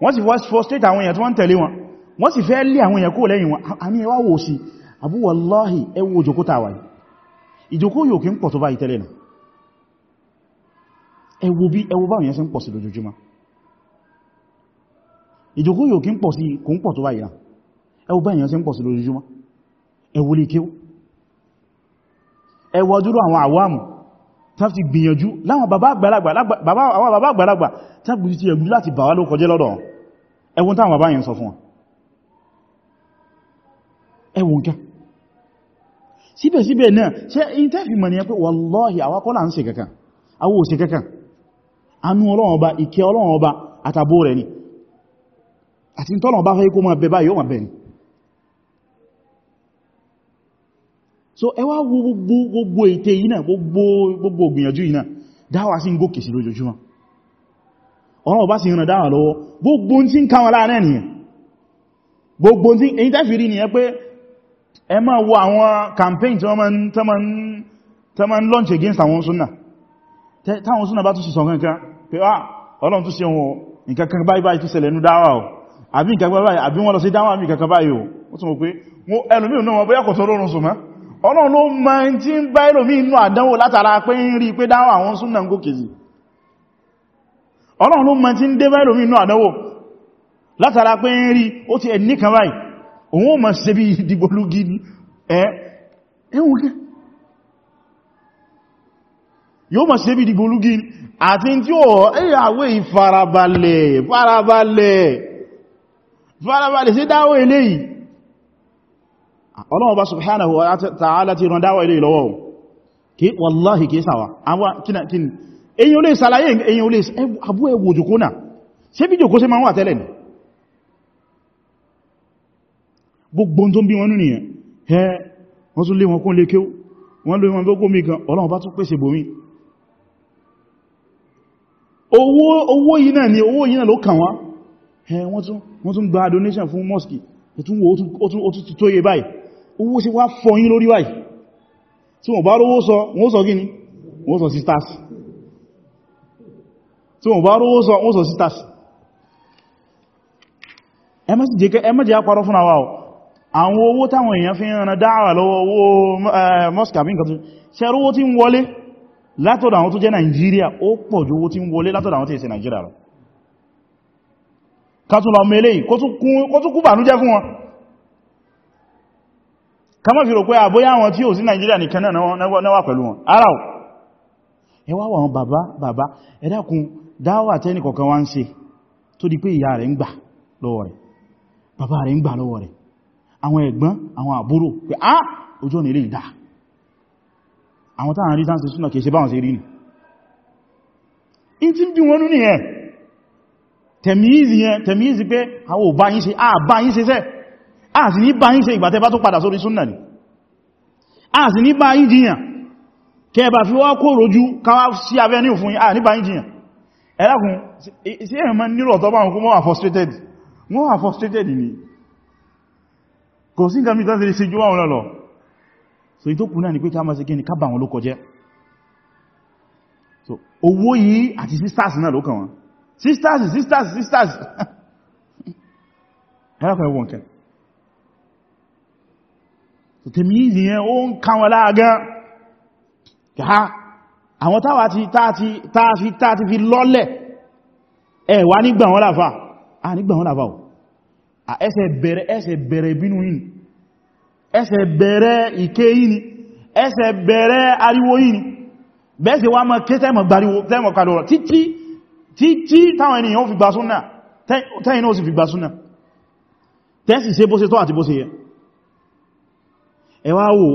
wọ́n sì frustrate àwọn èèyàn tó wọ́n tẹ̀lé wọn wọ́n sì fẹ́ lé àwọn èèyàn kó lẹ́yìn wọn àmì ẹwà wò sí àbú wallahi ẹ wo ìjòkó tàwà yìí ìjòkó yóò kí ń pọ̀ tó bá ìtẹ́lẹ̀ ẹwọ́dúró àwọn àwàmù tán ti gbìyànjú láwọn bàbá àgbàlagbà tán gbìyànjú ti ẹ̀gbú láti bàwá ló kọjẹ́ lọ́dọ̀ ẹwọ́n táwọn bàbá yẹn sọ fún wọn ẹwọ́n ká síbẹ̀síbẹ̀ náà ṣe in tẹ́fì mọ̀ ní ẹ pé wallahi àwa kọ́ là ń ṣe kankan àwa ò ṣe kankan anú Ọlọ́run Ọba ìkẹ́ Ọlọ́run Ọba àtàbó rẹ̀ ni àti tọ́lọ̀ bá fẹ́ kó máa bẹ báyìí ó máa bẹ ni so ẹwà gbogbo ète yìí náà gbogbo ògbìyànjú yìí náà dáwà sí ń gòkè sí lójoojúmọ́ ọ̀rọ̀ ọba sì ń ràn dáwà lọ́wọ́ gbogbo tí ń káwọn láàrin ènìyàn gbogbo tí èyí tẹ́fì rí nìyẹn pé ẹ máa wo àwọn campaign tí wọ́n máa ń launch against àwọn súnà táwọn súnà bá tún sí sọ̀kankan pé ah ọlọ́run tún sí ohun nǹkankan báyìí báyìí tún ṣẹlẹ̀ nú o àbí nǹkankan báyìí àbí wọ́n lọ sí dáwà mi nǹkankan báyìí o ó tún mọ̀ pé ẹlòmíràn náà wọ́n bóyá kò tọ́rọ̀rùn sùn mọ́ ọlọ́run ló ma ń tí ń bá ìlòmí inú àdánwò látara pé ń rí pé dáwà àwọn súnnà gòkè sí ọlọ́run ló ma ti ń dé bá ìlòmí inú àdánwò látara pé ń rí ó ti ẹni kan báyìí òun ma ṣe bí ìdìbòlúgi àti tí ọlọ́run bá subhanahu wa ta'ala ti rán dáwà ilé ìlọ́wọ́ kí wallahi kí sáwà o olè sàlàyé o olè abú ẹwò jùkú náà ṣe bí jùkú sí ma ń wà tẹ́lẹ̀ ní gbogbo tó ń bí wọn nìyẹn ẹ wọ́n tún lé wọn kún lé kéw wọ́n lé wọn gbogbo mi gan ọlọ́run bá tún pèsè bòmí owó yìí náà ni owó yìí náà ló kàn wá ẹ wọ́n tún gba donation fún mosque ẹ̀tún wo ó tún tó yẹ báyìí owó sí wá fọ́ yín lórí wáyìí tí wọ́n bá rówó sọ wọ́n sọ gíní wọ́n sọ sisters tí wọ́n bá rówó sọ wọ́n sọ sisters ẹmọ́jẹ́ àparọ́ fún àwọ́ àwọn owó táwọn èèyàn fi ń ran dáàrà lọ́wọ́ owó mosca bí nǹkan ṣẹ́rówó tí ń wọlé látọ̀dọ̀ àwọn tó jẹ́ Nàìjíríà ó pọ̀ ju owó tí ń wọlé látọ̀dọ̀ àwọn tí èsì Nàìjíríà lọ kátùlọ mẹ́lẹ́yìn kó tún kú bànújẹ́ fún wọn kama fi rò pé àbóyá wọn tí ni sí na nìkan náà náwà pẹ̀lú wọn ara ò ẹwà wọn bàbá bàbá ẹ dákun dáwà tẹ́nì kọ̀kan wá ń ṣe tó di pé ìyá rẹ̀ ń gbà lọ́wọ́ rẹ̀ bàbá rẹ̀ ń gbà lọ́wọ́ rẹ̀ àwọn ẹ̀gbọ́n àwọn àbúrò pé á ojú ọ̀nà ilé ìdá àwọn táwọn rí sáńsì súnà kìí ṣe báwọn ṣe rí nì in ti bí wọn nú nìyẹn tẹ̀míìzì yẹn tẹ̀míìzì pé àwọn ò bá yín ṣe a sì ní báyí ṣe ìgbàtẹ́ bá tó padà sórí súnnà ni a sì ní báyí jiyàn kẹba fi wá kó rojú káwá sí abẹ́ ní òfin a ní báyí jiyàn ẹlákùn sí ẹ̀rìn mọ́ nílò tó bá wọn kó mọ́ wà frustrated wọ́n wà frustrated ni kò sí nǹkan mítà sí ju àwọn lọ́lọ́ so ìtókù náà ni pé ká máa ṣe kí ni so owó yìí àti sisters náà ló kàn wọn sisters sisters sisters ẹlákùn tèmíìzì yẹn ó ń ká wọn láàgán ká àwọn táwà ti táà ti fi lọ́lẹ̀ ẹ wà nígbà wọn láfà à nígbà wọn láfà ò ẹsẹ̀ bẹ̀rẹ̀ ẹsẹ̀ bẹ̀rẹ̀ bínú yìí ẹsẹ̀ bẹ̀rẹ̀ ìké yìí ẹsẹ̀ bẹ̀rẹ̀ ariwo yìí bẹ́ẹ̀sẹ̀ wá mọ́ ké tẹ́mọ̀ kàlọ̀rọ̀ títí táwọn ènìyàn ó fi gbà súnnà tẹ́yìn ó ẹ wá wò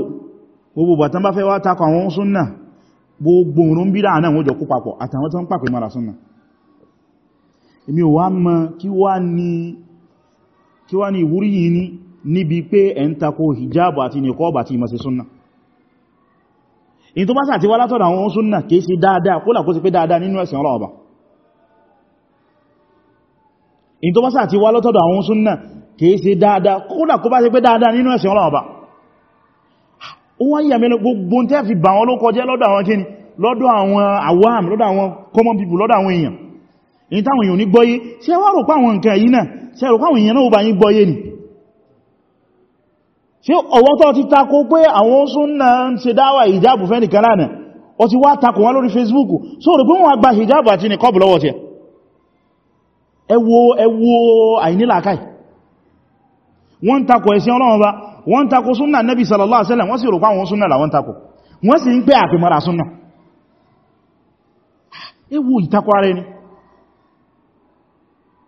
gbogbo bàtán bá fẹ́ wá takọ àwọn súnnà gbogbo òun bí dáa náà wọ́n jọ kó papọ̀ àtàwọn tó ń pàpẹ̀ mara súnnà èmi ò wá mọ̀ kí wá ní ìwúrí yìí ní níbi pé ẹ̀ ń takò hijab àti nìkọ́ọ̀bà àti ìmọ̀sí súnnà in tó bá sàti wá látọ̀dọ̀ àwọn súnnà kìí sí dáadáa kó làkó sí pé dáadáa nínú ẹ̀sìn ọlọ́ọ̀bà in tó bá sàti wá látọ̀dọ̀ àwọn súnnà kìí sí dáadáa kó làkó bá sí pé dáadáa nínú ẹ̀sìn ọlọ́ọ̀bà ó wọ́n yà mẹ́lẹ̀ gbogbo tẹ́ fi bà wọn ló kọjẹ́ lọ́dọ̀ àwọn kíni lọ́dọ̀ àwọn awam lọ́dọ̀ àwọn common people lọ́dọ̀ àwọn èèyàn èyí táwọn èèyàn ní gbọ́yé ṣe wá rò pa àwọn nǹkan yìí náà ṣe rò káwọn èèyàn náà bá yín gbọ́yé ni ṣe ọwọ́ tó ti takò pé àwọn súnnà ń ṣe dáwà ìjáàbù fẹ́ nìkan lánàá ó ti wá takò wọn lórí Facebook so rò pé wọn àgbà ìjáàbù àti ní kọ́bù lọ́wọ́ tiẹ̀ ẹ wo ẹ wo wọ́n takò ẹ̀sìn Ọlọ́run wọ́n tako súnnà nẹ́bí sallallahu alaihi wasallam wọ́n sì rò pàwọn súnnà làwọn tako wọ́n sì ń pẹ́ àfimọ́ra súnnà ah, ewu ìtakọ ara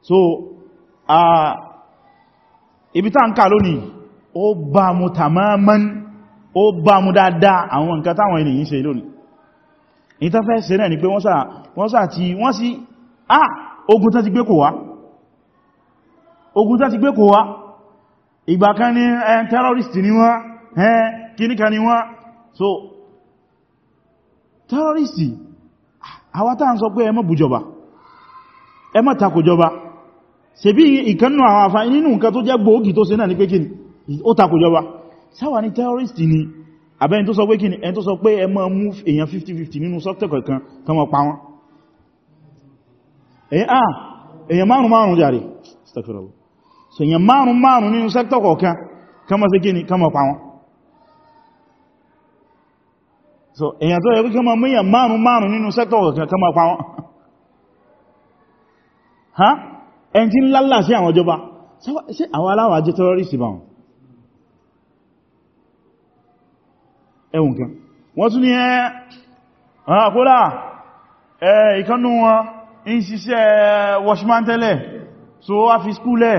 so a ah, ibita tá ń kà lónìí ó bá mu tamaman ó bá mu dáadáa àwọn nǹkan táwọn ènìyàn ṣe lónìí ah ogun tán ti gbé ti gbé kò wá ìgbà kan ní ẹn eh, terrorist ni wọ́n ẹn eh, kíníkà ni wọ́n so terrorist àwa tá ń sọ pé ẹ má bùjọba ẹ má takòjọba ṣe bí ìkannú àwọn afá nínú nǹkan tó jẹ́ gbòógì tó ṣe náà ní pé kí ó takòjọba sáwà ní terrorist ni àbẹ́ni tó sọ pé kí ni ẹn tó sọ pé ẹ má mú èèyàn 50-50 nínú sọ́tẹ̀ kọ̀ọ̀kan kan wọ́n pa wọ́n ah, èèyàn márùn márùn jàre astagfirullah so yẹn márùn márùn nínú sẹ́kítọ̀ kọ̀ọ̀kan kama sí kíni kama pa wọn so èyàn tó yẹ kí kama mẹ́yàn márùn márùn nínú sẹ́kítọ̀ kọ̀ọ̀kan kama pa wọn ha ẹn tí lálà sí àwọn ìjọba sí àwọn aláwà jẹ́ tọ́rọrìsì bá wọn ẹwùn kan so wá fi skúlẹ̀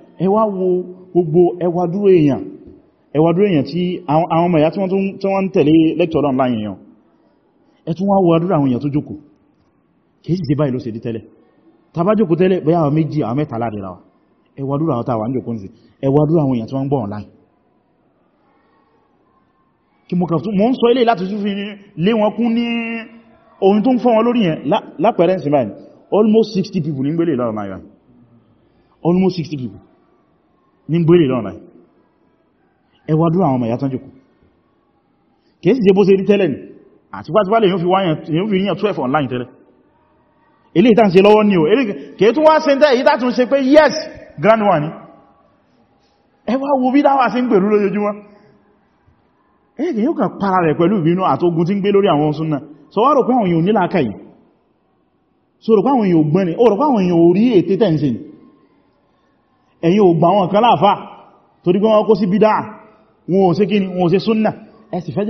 ẹ wá wo gbogbo ẹwàdúró èèyàn ẹwàdúró èèyàn tí àwọn ọmọ ìyá tí wọ́n ń tẹ̀lé lẹ́kítọ̀ ọ̀dọ̀ ńlá èèyàn ẹ tún wá wo àdúrà àwọn èèyàn tó jókòó kìí sì báyìí ló ṣe dí tẹ́lẹ̀ tàbá jókòó tẹ́lẹ̀ wa ẹwàdúrà àwọn tàwà ń jókòó nìsí online kí mo kàtún mọ́ ń sọ ilé láti fi lé wọn kún ní ohun tó ń almost 60 people ní gbélé lọ́rọ̀ náà almost 60 people ní gbèrè lọ́nà ẹwàdúrà àwọn ọmọ ìyá tán jùkú kìí sí jẹ bó ṣe rí tẹ́lẹ̀ ni àti wájúwá lè yóò fi ríyàn 12 online tẹ́lẹ̀ ilé ìtàn ṣe lọ́wọ́ ní o kìí tún wá ṣe tẹ́ èyí tàtún ṣe pé yes grand one ẹwà wo bí dáwà sí ń gbèrú lójoojúmọ́ ẹgbẹ̀ yóò kà para rẹ̀ pẹ̀lú ìbínú àtógun tí ń gbé lórí so rò pé àwọn èèyàn ògbẹ́ni ó rò pé ẹ̀yin ò gbà wọn kan láàfà torí pé wọ́n kó sí bídá wọn ò ṣe kí ni wọn ò ṣe súnnà ẹ sì fẹ́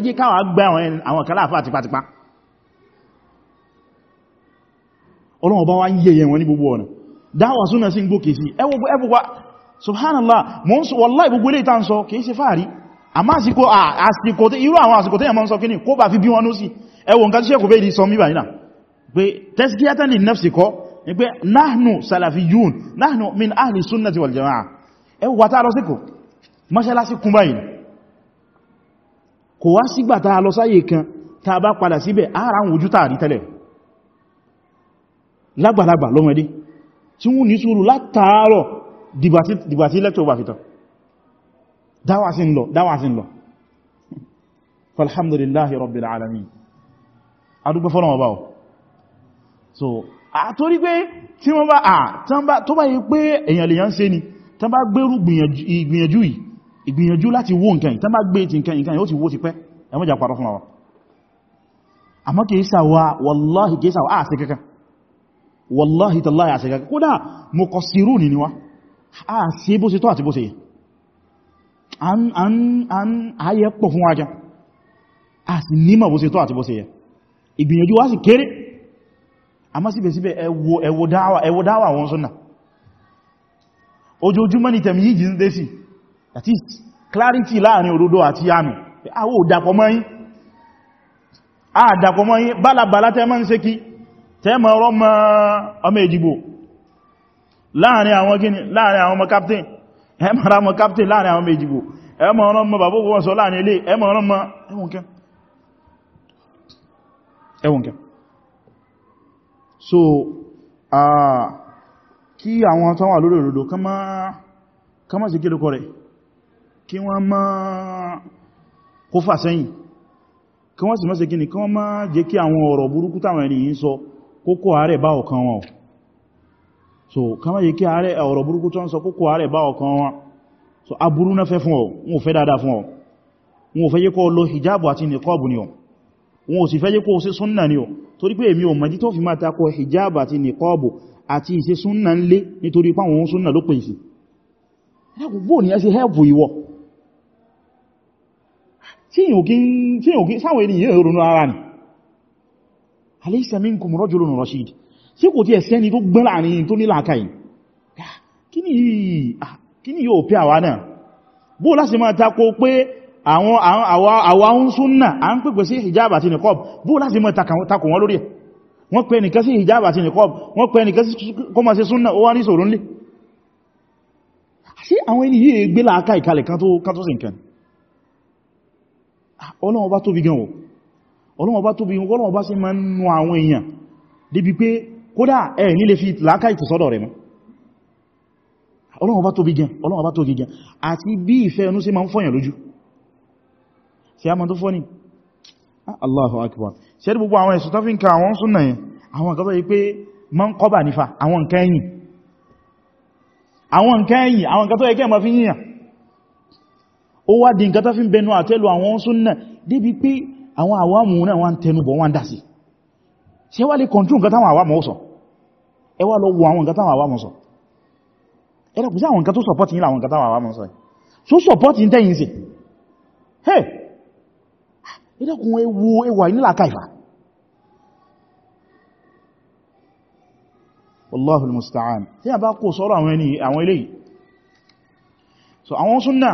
jẹ́ káwọn gbà àwọn kan láàfà tipatipa ọlọ́wọ́ bá wá ń yẹ̀yẹ̀ wọn ní gbogbo ọ̀nà dáwà súnnà sí gbókè sí ẹwọ́gbọ́ subhanallah mọ́ ń sọ wallahi gbogbo ilé ìta ń sọ kìí ṣe fàárí àmá àsìkò àsìkò tí irú àwọn àsìkò tẹ́yàn mọ́ ń sọ kíní kó ní pé nahnu salafiyun nahnu min ahli sunnati wal jama'a ẹwọ wata lọ sí kò mọ́ṣálásí kún báyìí kò wá sígbà ta lọ sáyé kan ta bá padà síbẹ̀ ara ń ojú tààrí tẹ́lẹ̀ lágbàlagbà lọ́mọdé tí wọ́n ní sùúrù látàárọ̀ dìbàtí lẹ́tọ̀ bá fìtàn dáwà sí so àtorí pé tí wọ́n bá à tó bá yí pé èyàn lèyàn ṣe ni tán bá gbérú ìgbìyànjú yìí ìgbìyànjú láti wó nǹkan tán bá gbé ti nǹkan nǹkan yóò ti wó ti pẹ́ ẹmọ́ jà parọ́ fún wa àmọ́ kìí sàwà wallahi kìí sàwà àṣẹ kankan wallahi tallahi àṣẹ kankan kódà mo kọ sírù ní níwá àṣẹ bó an ayẹ pọ̀ fún wájá a sì nímọ̀ bó ṣe tó àti bó ṣe ìgbìyànjú wá sì kéré àmọ́ síbẹ̀síbẹ̀ ẹwọ dáwà wọn súnnà ojoojúmọ́ ni tẹ̀mí yìí jíndé sí that is clarity láàrin òdodo àti àmì àwọ òdàpọ̀ mọ́yí àdàpọ̀ mọ́yí bálabàlá tẹ́mọ́ ń sékí tẹ́mọ́ ọmọ ọmọ ìdìbò láàrin àwọn gíní láàrin àwọn ọmọ captain ẹmọ̀ra ọmọ captain láàrin àwọn ọmọ ìdìbò ẹmọ̀ ọmọ bàbá wọn sọ láàrin ilé ẹmọ̀ ọmọ ẹwọ̀nkẹ́ so kí àwọn tó wà lórí òdòdó kama sí kílùkọ rẹ̀ kí wọ́n má kó fà sẹ́yìn kí wọ́n sì má ṣe kíni kí wọ́n má jẹ́ kí àwọn ọ̀rọ̀ burúkú táwọn ẹni yìí ń sọ kókó ààrẹ bá ọkàn wọn so kama jẹ́ kí ọ̀rọ̀ burúkú tó ń sọ kókó ààrẹ bá ọkàn wọn so aburú náà fẹ́ fún ọ wọn ò fẹ́ dáadáa fún ọ wọn ò fẹ́ yẹ kó lo hijabu àti nìkọ́ọ̀bù ni ọ wọn ò sì fẹ́ jẹ́ kó ṣe súnnà ni ọ̀ torí pé èmi ò mọ̀ jí tó fi máa takọ hijab àti nìkọ́ọ̀bù àti ìṣe súnnà ń lé nítorí páwọn ohun súnnà ló pè sí ẹgbùgbò ní ẹsẹ hẹ́bù ìwọ̀ sáwọn ènìyàn ìrònú ara nì alaysa minkum rajulun rashid sí kò tí ẹ̀sẹ́ni tó gbẹ́ láàrin tó ní làákàyè kí ni yóò pẹ́ àwa náà bóò láti máa takò pé àwọn àwọn súnnà a ń pèpè sí hijab àti niqab bó láti mọ́ takò wọn lórí ẹ̀ wọ́n pè nìkan sí hijab àti niqab wọ́n pè nìkan sí kọmọ̀ sí súnnà ó wá ní sòrò nlé sí àwọn ilé yìí gbé láàká ìkalẹ̀ kan tó sì nǹkan ah, Ọlọ́run bá tóbi gan Ọlọ́run bá tóbi Ọlọ́run bá sì máa ń nu àwọn èèyàn débi pé kódà ẹ̀ nílé fi láàká ìtùsọ́dọ̀ rẹ̀ àti bí ìfẹ́ ẹnu sí máa ń fọ́yàn lójú sí àmà tó fọ́nì ah, Allahu akbar ṣe rí gbogbo àwọn ẹ̀sùn tó fi ń ka àwọn súnnà yẹn àwọn nǹkan tó yí pé ma ń kọ́bà nífà àwọn nǹkan ẹ̀yìn àwọn nǹkan ẹ̀yìn àwọn nǹkan tó yẹ kẹ́ ma fi yíyàn ó wá di nǹkan tó fi ń bẹnu àtẹ́lù àwọn súnnà débi pé àwọn àwámù náà wọ́n tẹnubọ̀ wọ́n dá sí ṣe wá lè kọ̀ntún nǹkan tó sọpọ́tì yìí tẹ́yìn sí hey ìdẹ́kùn ewu ewà ìnílà káìfà wallahu al-musta'an tí a bá kò sọ́rọ̀ àwọn ẹni àwọn ilé so àwọn súnnà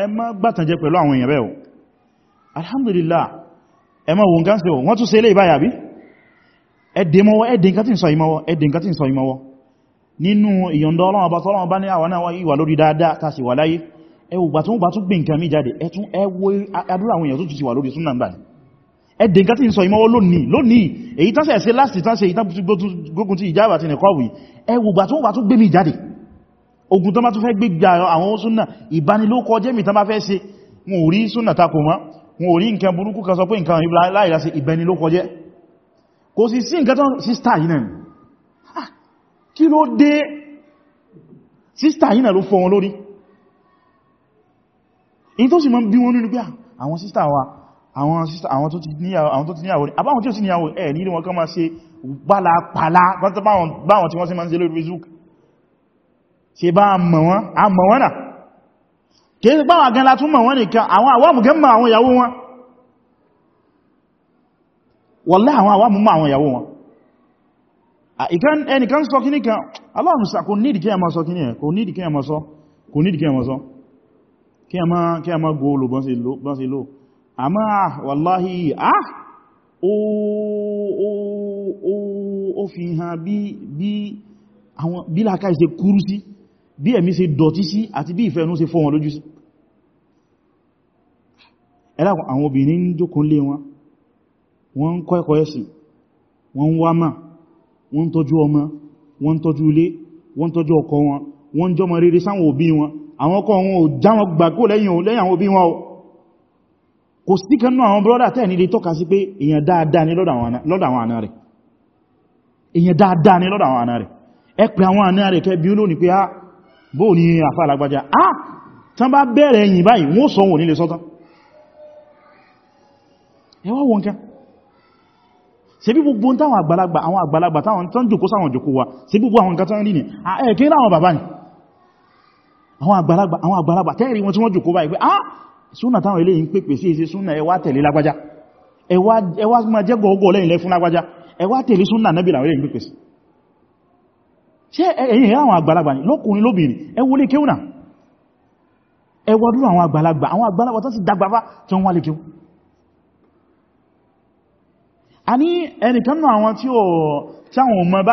ẹ má gbátànjẹ pẹ̀lú àwọn èèyàn bẹ́ẹ̀ alhamdulillah ẹ má wọn gánsẹ̀ wọ́n tún ṣe ilé ìbáyà bí ẹdẹmọwọ́ ẹdẹnkà tí ń sọ ìmọwọ́ ẹdẹnkà tí ń ẹwò gbà tún gbà tún gbé nǹkan mí jáde ẹtún ẹwọ adúrà àwọn èèyàn tó tún ti wà lórí súnnà gbà ẹdẹ̀ nǹkan tí ń sọ ìmọ́wọ́ lónìí lónìí èyí tán sẹ̀ẹ́sẹ̀ láti tán sẹ ìtàn gbógun ti ìjáàbà ti nìkọ́wì ẹwò gbà tún gbà tún gbé mi jáde ogun tán bá tún fẹ́ gbé gbà àwọn súnnà ìbanilókọ jẹ́ mi tán bá fẹ́ ṣe wọn ò rí súnnà takò mọ́ wọn ò rí in tó sì mọ́ bí wọn nínú pé ah, àwọn sísta wa àwọn tó ti níyàwó ní àbáwọn tí ó sì níyàwó ẹ̀ nílé wọn kán máa ṣe gbálapàlá ba tí wọ́n sí máa ń ṣe lórí Facebook ṣe bá àmọ̀ wọn náà ba báwọn gan látún mọ̀ wọn nìkan àwọn àwọ́mù gan mọ̀ àwọn ìyàwó wọn wallahi àwọn àwọ́mù mọ̀ àwọn ìyàwó wọn ẹnìkan sọ kíníkan aláàmùsà kò nídìí kí ẹ mọ́ sọ kíní ẹ kò nídìí kí ẹ mọ́ sọ kí a má góòlù bọ́n sí lò a máa wàláhí á ah! ó fi hàn bí láàká ìse kúrú sí bí ẹ̀mí ṣe dọ̀tí sí àti bí ìfẹ́nú ṣe fọ́ wọn lójú sí ẹlákùn àwọn obìnrin ń jókòó lé wọn wọ́n ń kọ́ ẹ̀kọ́ ẹ̀sìn wọ́n ń wá máa wọ́n ń tọ́jú ọmọ wọ́n ń tọ́jú ilé wọ́n ń tọ́jú ọkọ wọn wọ́n ń jọmọ rere sáwọn òbí wọn àwọn ọkọ wọn ò já wọn gbà kó lẹ́yìn lẹ́yìn àwọn òbí wọn o kò sí kan náà àwọn brọ́dà tẹ́ nílé tọ́ka sí pé èyàn dáadáa ní lọ́dọ̀ àwọn àna rẹ̀ èyàn dáadáa ní lọ́dọ̀ àwọn àna rẹ̀ ẹ pè àwọn àna rẹ̀ kẹ́ bí ó lónìí pé á ah, bó ní àfà alágbájá á ah, tán bá bẹ̀rẹ̀ ẹ̀yìn báyìí wọ́n sọ wọn nílé sọ́tán wa ṣebí gbogbo àwọn nǹkan tán rí ni ah, àwọn àgbàlagbà àwọn àgbàlagbà tẹ́ẹ̀rí wọn tí wọ́n jùkú báyìí pé ah súnà táwọn ilé yìí ń pèpè sí èsì súnà ẹwà tẹ̀lé lágbájá ẹwà ma jẹ́ gọ́ọ̀gọ́ lẹ́yìn lẹ́ fún lágbájá ẹwà tẹ̀lé súnà nẹ́bìlà ilé yìí pèpè sí ṣe ẹ̀yìn àwọn àgbàlagbà lọ́kùnrin lóbìnrin ẹwọ lè kéwù náà ẹwọ dúró àwọn àgbàlagbà àwọn àgbàlagbà tó sì dàgbàfà tó ń wá lè kéwù a ní ẹnìkan náà àwọn tí àwọn ọmọ bá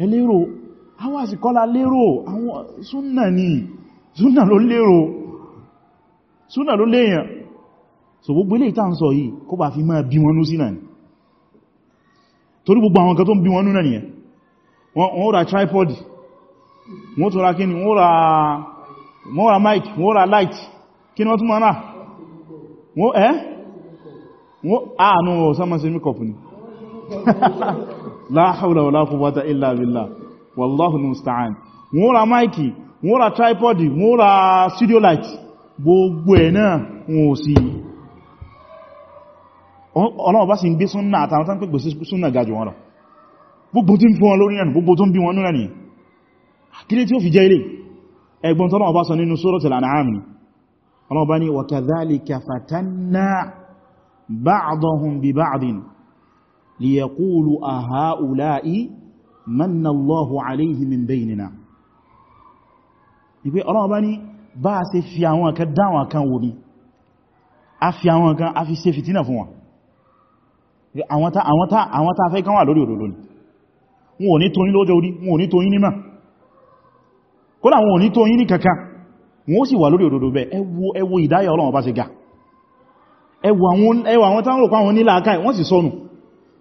ẹlérò àwọn àsìkọ́lá lérò àwọn súnnà ní súnnà ló lérò súnnà ló léyàn so gbogbo ilé ìta ń sọ yìí kó bá fi máa bí wọn nú sí náà torí gbogbo àwọn kan tó ń bí wọn nú náà nìyẹn wọ́n ra tripod wọ́n tó ra kíni wọ́n ra mic wọ́n ra light kí ni wọ́n tún máa náà wọ́n ẹ́ wọ́n àánú ah, ọ̀sán mọ́ sí mí kọ̀pù ni la hawla wala quwwata illa billah wallahu musta'an wọ́n ra máìkì wọ́n ra tripod wọ́n ra studio light gbogbo ẹ̀ náà wọ́n ò sí ọlọ́wọ́ bá sì ń gbé súnnà àtàwọn tán pẹ̀gbẹ̀ súnnà gajù wọn lọ gbogbo tí ń fún wọn lórí ẹnu gbogbo tó ń bí wọn núrẹ̀ ni kílé tí ó fi jẹ́ ilé ẹgbọ́n tọ́lọ́wọ́ bá sọ nínú suratul an'am ọlọ́wọ́ ليقولوا أهؤلاء من الله عليه من بيننا ìpé ọlọ́wọ́ bá ní bá ṣe fi àwọn kan dáwọn kan wò ní a fi àwọn kan a fi ṣe fìtínà fún wọn àwọn tá fẹ́ kan wà lórí òdòdó ni wọn ò ní tóyín lọ́jọ́ orí wọn ò ní tóyín nímọ̀ kódà wọn ò ní tóyín ní kankan wọn ó sì wà lórí òdòdó bẹ́ ẹ wo ìdáyà ọlọ́wọ́ bá ṣe ga ẹ àwọn táwọn òpá wọn ní làákàí wọ́n sì sọnù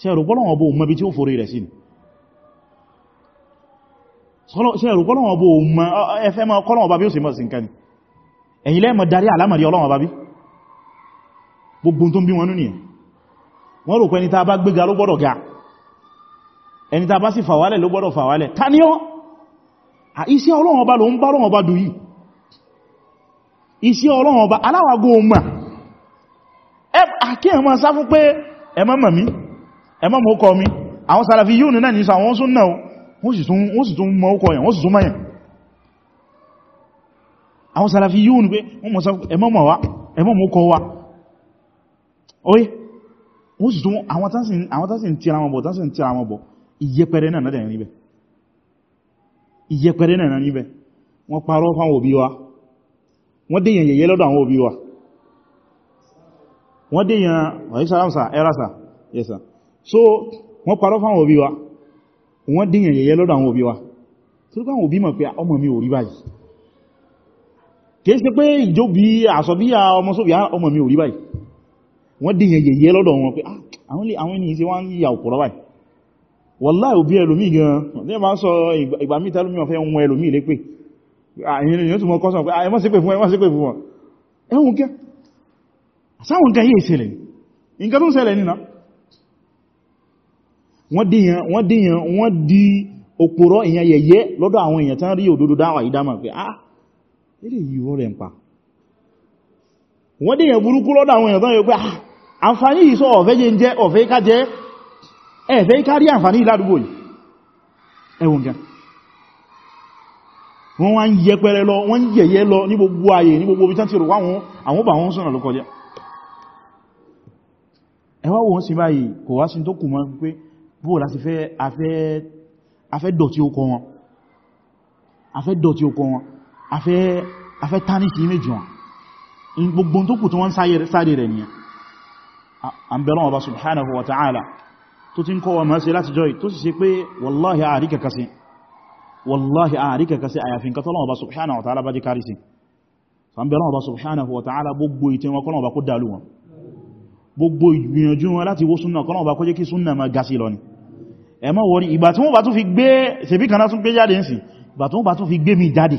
ṣé ẹ̀rùpọ́lọ́wọ́ bó mọ́ bí tí ó forí rẹ̀ sí ni ṣé ẹ̀rùpọ́lọ́wọ́ bó mọ́ ẹfẹ́ mọ́ kọ́lọ́wọ́ bá bí ó sì mọ́ sí nǹkan ni ẹ̀yin lẹ́mọ̀ darí àlámọ̀rí ọlọ́wọ́ bá bí gbogbo tó ń bí wọn nìyẹn wọ́n rò pé ẹni tá bá gbéga ló gbọ́dọ̀ ga ẹni tá bá sì fàwálẹ̀ ló gbọ́dọ̀ fàwálẹ̀ ta ni ọ́ iṣẹ́ ọlọ́wọ́ bá ló ń bá ẹmọ́ mọ́ kọ́ mi àwọn sàlàfí yíò náà ní sàwọn sún náà wọ́n sì tún mọ́ ọkọ̀ yẹn wọ́n sì tún mọ́yàn àwọn sàlàfí yíò ní pé ẹmọ́ mọ́ wa ẹmọ́ mọ́ kọ́ wa oye wọ́n sì tún àwọn tán ń tira wọn bọ̀ tán ń tira wọn bọ̀ ìyẹpẹrẹ náà náà níbẹ̀ ìyẹpẹrẹ náà níbẹ̀ wọ́n parọ́ fáwọn òbí wa wọ́n dèyàn yẹ̀yẹ́ lọ́dọ̀ àwọn òbí wa wọ́n dèyàn wàyí so wọ́n parọ́ fáwọn òbí wa wọ́n díyàn yẹ̀yẹ́ lọ́dọ̀ àwọn òbí wa tó kọ́ àwọn òbí mọ̀ pé ah, ọmọ mi ò rí báyìí kìí ṣe pé ìjóbi àsọ̀bíyà ah, ọmọ sóbíà ah, ọmọ mi ò rí báyìí wọ́n díyàn yẹ̀yẹ́ lọ́dọ̀ wọn pé àwọn ilé àwọn ènìyàn ṣe wọ́n ń yà òkúrọ̀ báyìí wọ́lá òbí ẹlòmí gan ní ẹ̀mà sọ ìgbà mítà lómi ọ̀fẹ́ ohun ẹlòmí lé pé àyìn ènìyàn tún mọ́ kọ́sàn pé ẹmọ́ sí pé fún ẹmọ́ sí pé fún wọn ẹ̀hùn kẹ́ sáwọn nǹkan yìí ṣẹlẹ̀ nǹkan tó ń ṣẹlẹ̀ nínú wọ́n dìyàn wọ́n dìyàn wọ́n di òpòrọ ìyàn yẹ̀yẹ́ lọ́dọ̀ àwọn èèyàn tán rí òdodo dáwà ìdámà pé ah ilé yìí wọ́n rẹ̀ ń pa wọ́n dìyàn burúkú lọ́dọ̀ àwọn èèyàn tán yóò pé ah àǹfààní yìí sọ ọ̀fẹ́ jẹ́ jẹ́ ọ̀fẹ́ ká jẹ́ ẹ̀fẹ́ ká rí àǹfààní ládùúgbò yìí ẹwùn gan wọ́n wá ń yẹpẹrẹ lọ wọ́n ń yẹ̀yẹ́ lọ ní gbogbo ayé ní gbogbo obitán ti bó láti fẹ́ afẹ́dọ̀tí ó kọ wọn afẹ́dọ̀tí ó kọ wọn afẹ́ tánìkì méjì wọn gbogbo tó kù tí wọ́n sáré rẹ̀ nìyàn àmbẹ̀rán ọba subhanahu wa ta'ala tó ti ń kọ́ ọmọ sí láti jọ́ì tó sì ṣe pé wallahi ààrí kẹkẹsí wallahi ààrí kẹkẹsí àyàfin katọ́lọ́ ọba subhanahu wa ta'ala bá jí kárí sí àmbẹ̀rán ọba subhanahu wa ta'ala gbogbo ìtẹ́wọ́n kọ́lọ̀ ọba kó dálú wọn gbogbo ìgbìyànjú wọn láti wó súnnà kọ́nà ọba kó jẹ́ kí súnnà ma gasi lọ ni ẹ má wọrí ìgbà tí wọ́n bá tún fi gbé ṣebí kan náà tún gbé jáde nsì ìgbà tí wọ́n bá tún fi gbé mi jáde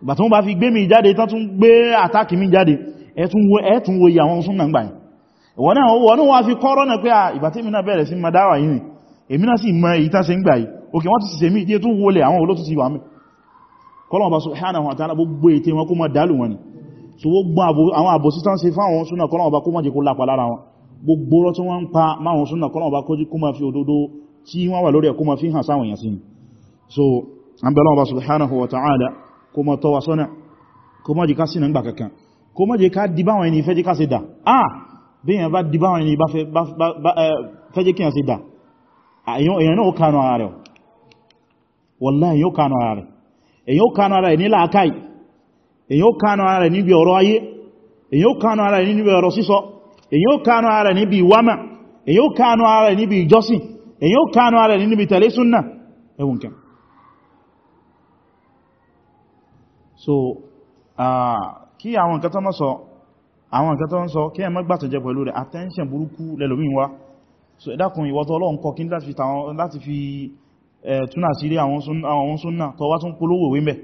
ìgbà tí wọ́n bá fi gbé mi jáde tán tún gbé àtàkì mi jáde ẹ tún wo ìyàwọn súnnà gbà yìí wọ́n náà wọ́n náà wá fi kọ́rọ́ náà pé ìgbà tí mìíràn bẹ̀rẹ̀ sí madáwà yìí so gbogbo àwọn àbòsí tán ṣe fáwọn súnà kọ́nà ọba kó mọ́ jẹ́ kó lápa lára wọn gbogbo ọ̀rọ̀ tí wọ́n ń pa máwọn súnà kọ́nà ọba kó ma fi òdodo tí wọ́n wà lórí ẹ̀ kó ma fi hàn sáwọn èèyàn sí so an bẹ̀rẹ̀ ọba subhanahu wa ta'ala kó ma tọ́ wa sọ́nà kó mọ́ jẹ́ ká ah bí èèyàn bá dibáwọn ẹni bá fẹ́ jẹ́ kíyàn ṣe dà èèyàn náà ó kanu ara rẹ̀ wallahi èèyàn ó èyàn ó kánú ara rẹ̀ níbi ọ̀rọ̀ ayé èyàn ó kánú ara rẹ̀ níbi ọ̀rọ̀ sísọ èyàn ó kánú ara rẹ̀ níbi ìwámà èyàn ó kánú ara rẹ̀ níbi ìjọsìn èyàn ó kánú ara rẹ̀ níbi tẹ̀lé súnnà ẹwùn kan so kí àwọn nǹkan tó mọ́ sọ àwọn nǹkan tó ń sọ kí ẹ má gbàtọ̀jẹ pẹ̀lú rẹ̀ attention burúkú lẹ́lòmí wá so ẹ̀dàkùn ìwọ́tọ̀ ọlọ́run kọ kí láti fi túnà sí rí àwọn súnnà tó wá tún polówó wé mẹ́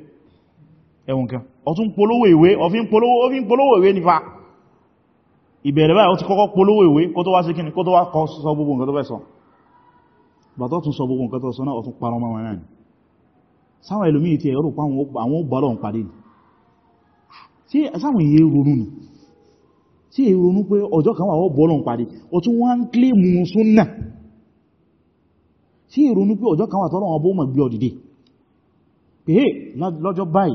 ẹwùn kan ọtún polówó ìwé ọfin polówó ìwé nífà ìbẹ̀rẹ̀ báyìí ó ti kọ́kọ́ polówó ìwé kó tó wá sí kíni kó tó wá kọ́ sọ gbogbo nǹkan tó fẹ́ sọ bàtọ́ tún sọ gbogbo nǹkan tó sọ náà ọtún parọ́ mọ́ wọn náà sáwọn ẹlòmíì ti ẹ̀rọ pa àwọn ó bọ́lọ̀ ń parí tí sáwọn èyí ronú ni tí èyí ronú pé ọjọ́ kan lọ́jọ́ báyìí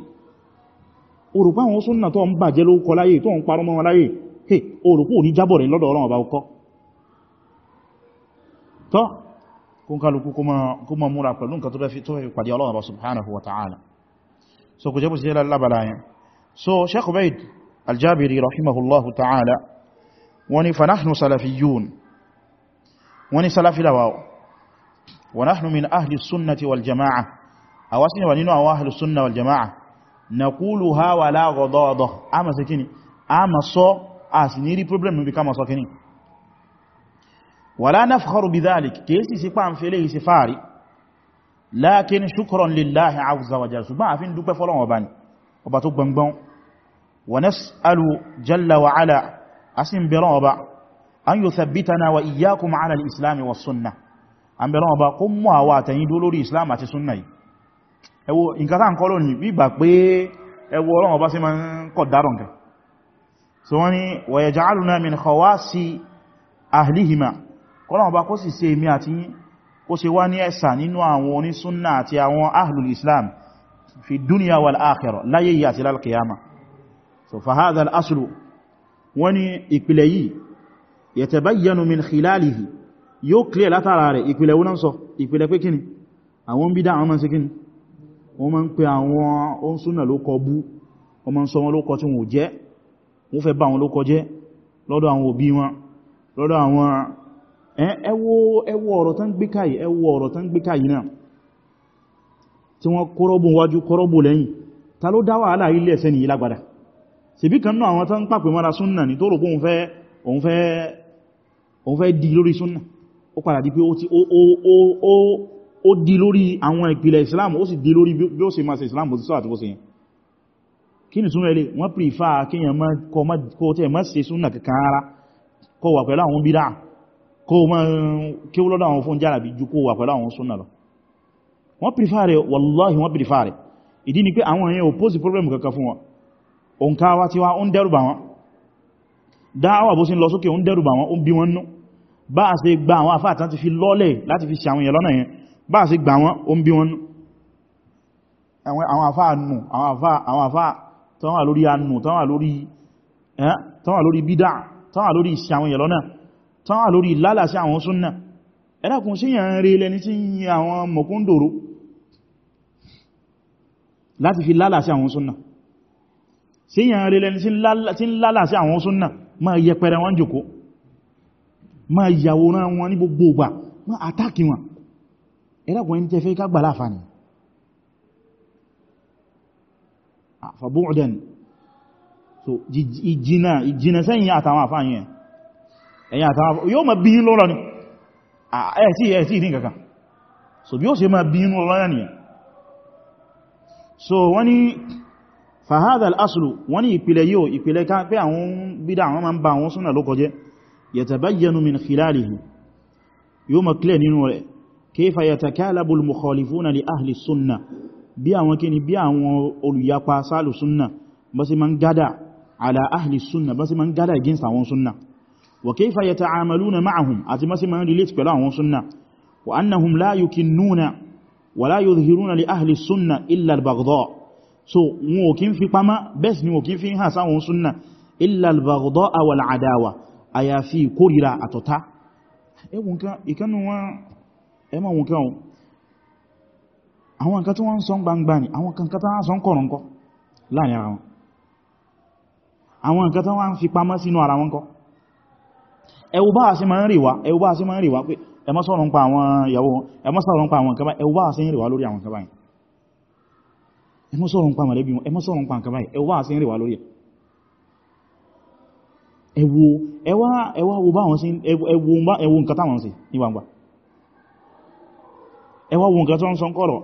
òrùpá àwọn súnnà tó ń bàjẹ́ ló kọ láyé tó ń parọ́ mọ́ wọn láyé hey òrùpá ò ní jábọ̀ rẹ̀ lọ́dọ̀ ọlọ́run ọba ọkọ́ tọ́ kó ń kálukú kó ma múra pẹ̀lú nǹkan tó fẹ́ tó fẹ́ pàdé ọlọ́run ọba subhanahu wa ta'ala so kò jẹ́ bó sì jẹ́ lábàlá yẹn so sheikh ubaid nàkúlù ha wà láàrọ̀dọ́ọ̀dọ̀ a ma sí kíni a ma sọ a sì ní rí problem níbi ká ma sọ kíni wàlá nafkharu bidhalik kéèsì sí pàm fẹ́lẹ̀ sí fàárí lákin shukran lillahi azza wa jalla ṣùgbọ́n a fi ń dúpẹ́ fọ́lọ́wọ́ bá ní ọba tó gbọngbọn wa nas'alu jalla wa ala a ẹwọ ìkàtà ń kọ́lọ̀ ní gbígbà pé ẹwọ ọlọ́run ọba sí ma ń kọ̀ dáràn kẹ so wọ́n ni wa yaj'aluna min khawasi ahlihima kọ́lọ̀ ọba kó sì ṣe èmi àti yín kó ṣe wá ní ẹ̀sà nínú àwọn onísúnnà àti àwọn ahlul islam fi dúnìyà wal akhirah láyé yìí àti lálkìyàmà so fahadha al-aslu wọ́n àwọn bídá àwọn mọ́ kíni wọ́n máa ń pè àwọn oúnsúnà ló kọ bú wọ́n máa ń sọ wọn ló kọ tí wọ́n jẹ́ wọ́n fẹ́ bá wọn ló kọ jẹ́ lọ́dọ̀ àwọn òbí wọn lọ́dọ̀ àwọn ẹ wo ọ̀rọ̀ tán gbé káyì ẹ wo ọ̀rọ̀ tán gbé káyì náà tí wọ́n kọ́rọ́bù wájú kọ́rọ́bù lẹ́yìn ta ló dá wàhálà ilé ẹ̀sẹ̀ nìyí lágbàdà ṣebí kan náà àwọn tán pàpẹ mọ́ra súnnà ní tó rò bóun fẹ́ òun fẹ́ òun fẹ́ di lórí súnnà ó padà di pé ó ó di lórí àwọn ìpìlẹ̀ islam ó sì di lórí bí ó ṣe máa ṣe islam bó ti sọ àti bó ṣe yẹn kí ni súnmọ́ ilé wọ́n pìrìfà kíyàn kó tẹ́ mọ́ ṣe súnà kankan ara kó wà pẹ̀lú àwọn bídá kó mọ́ kí ó lọ́dọ̀ àwọn fún jára bí ju kó wà pẹ̀lú àwọn súnà lọ wọ́n pìrìfà rẹ̀ wa ti wá ó ń dẹ́rù bà wọn bá sì gbà wọn o ń bí wọn àwọn àfá ànù àwọn àfá tán wà lórí ànù tán wà lórí bídá tán wà lórí ìsìn àwọn ìyẹ̀lọ́nà tán wà lórí lálà sí àwọn súnnà ẹ̀dàkùn sí yàn rí lẹni tí yí àwọn mọ̀kúndòrò láti fi lálà sí àwọn súnnà sí yàn rí lẹni tí ń lálà sí àwọn súnnà máa yẹpẹrẹ wọn jòkó máa yàwòrán wọn ní gbogbo ìgbà máa àtàkì wọn ẹ̀dàkùn ẹni tẹ́fẹ́ ká gbàláfà ní fàbúrúdẹ̀n so ìjìnà ìjìnà sẹ́yìn àtàwọn àfáà yẹn ẹ̀yìn àtàwọn yóò ma bí lọ́rọ̀ ni ẹ̀ẹ̀sí ẹ̀ẹ̀sí ìdín kankan so bí ó ṣe ma bí lọ́rọ̀ ni so wani fahadà al'asulu wani ìpìlẹ̀ yóò ìpìlẹ̀ kéfà yàtàkálàbù al-mukhalifuna li ahli súnnà bí àwọn kíni bí àwọn olùyapa sálù súnnà bá sí ma ń gádà ala ahli súnnà bá sí ma ń gádà against àwọn súnnà wa kéfà yata'amaluna ma'ahum àti bá sí ma ń relate pẹ̀lú àwọn súnnà so wọn ò kí ń fi pamá bẹ́ẹ̀ ni wọn kí ń fi hàn sáwọn súnnà illa al-baghdha wal-adawa àyàfi ìkórìíra ìkanu wọn ẹ ma wọn kan àwọn nǹkan tí wọ́n ń sọ gbangba ni àwọn nǹkan tí wọ́n sọ kọ̀rọ̀ ńkọ́ láàrin ara wọn àwọn nǹkan tí wọ́n ń fi pamọ́ sínú ara wọn kọ́ ẹwù bá àṣí máa ń rìwá ẹwù bá àṣí máa ń rìwá pé ẹ má sọ̀rọ̀ ń pa àwọn ìyàwó wọn ẹ má sọ̀rọ̀ ń pa àwọn nǹkan báyìí ẹwù bá àṣí ń rìwá sí ẹwù nǹkan táwọn sí ní gbangba ẹwà wọn nǹkan tó ń sọ kọ́rọ̀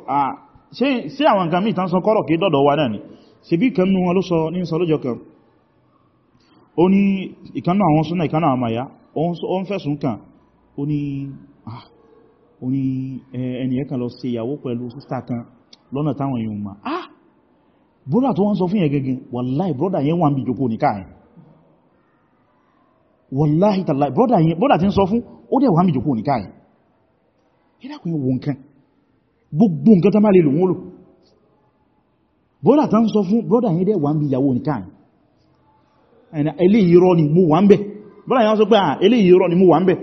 sí àwọn nǹkan mí tán sọ kọ́rọ̀ kí dọ́dọ̀ wà náà ni ṣe bí kanú wọn ló sọ ní sọ lójọ kan ó ní ìkanú àwọn súnà ìkanú àwọn ó ń fẹ̀sùn kàn ó ah brọ́dà tó wọ́n sọ fún yẹn gẹ́gẹ́ wàláì brọ́dà yẹn wà ń bí jòkó ní káàyìn wàláì tàláì brọ́dà tí ń sọ fún ó dẹ̀ wà ń bí ní káàyìn ìdákùn yẹn nǹkan gbogbo nǹkan tó má lè lò wọ́n lò bọ́dà tán sọ fún bọ́dà yẹn dẹ̀ wà ń bí ìyàwó nìkan ẹ̀nà eléyìí irọ́ ni mo wà ń bẹ̀ bọ́dà yẹn sọ pé à ah, eléyìí irọ́ ni mo wà ń bẹ̀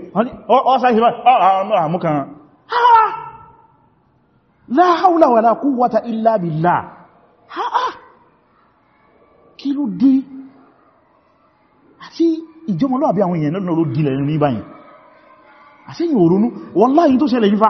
la hawla wala quwwata illa billah kí ló dé àti ìjọmọlọ́ àbí àwọn èèyàn lọ́nà ló dìlẹ̀ ní báyìí àti yìí òrónú wallahi tó ṣẹlẹ̀ yífà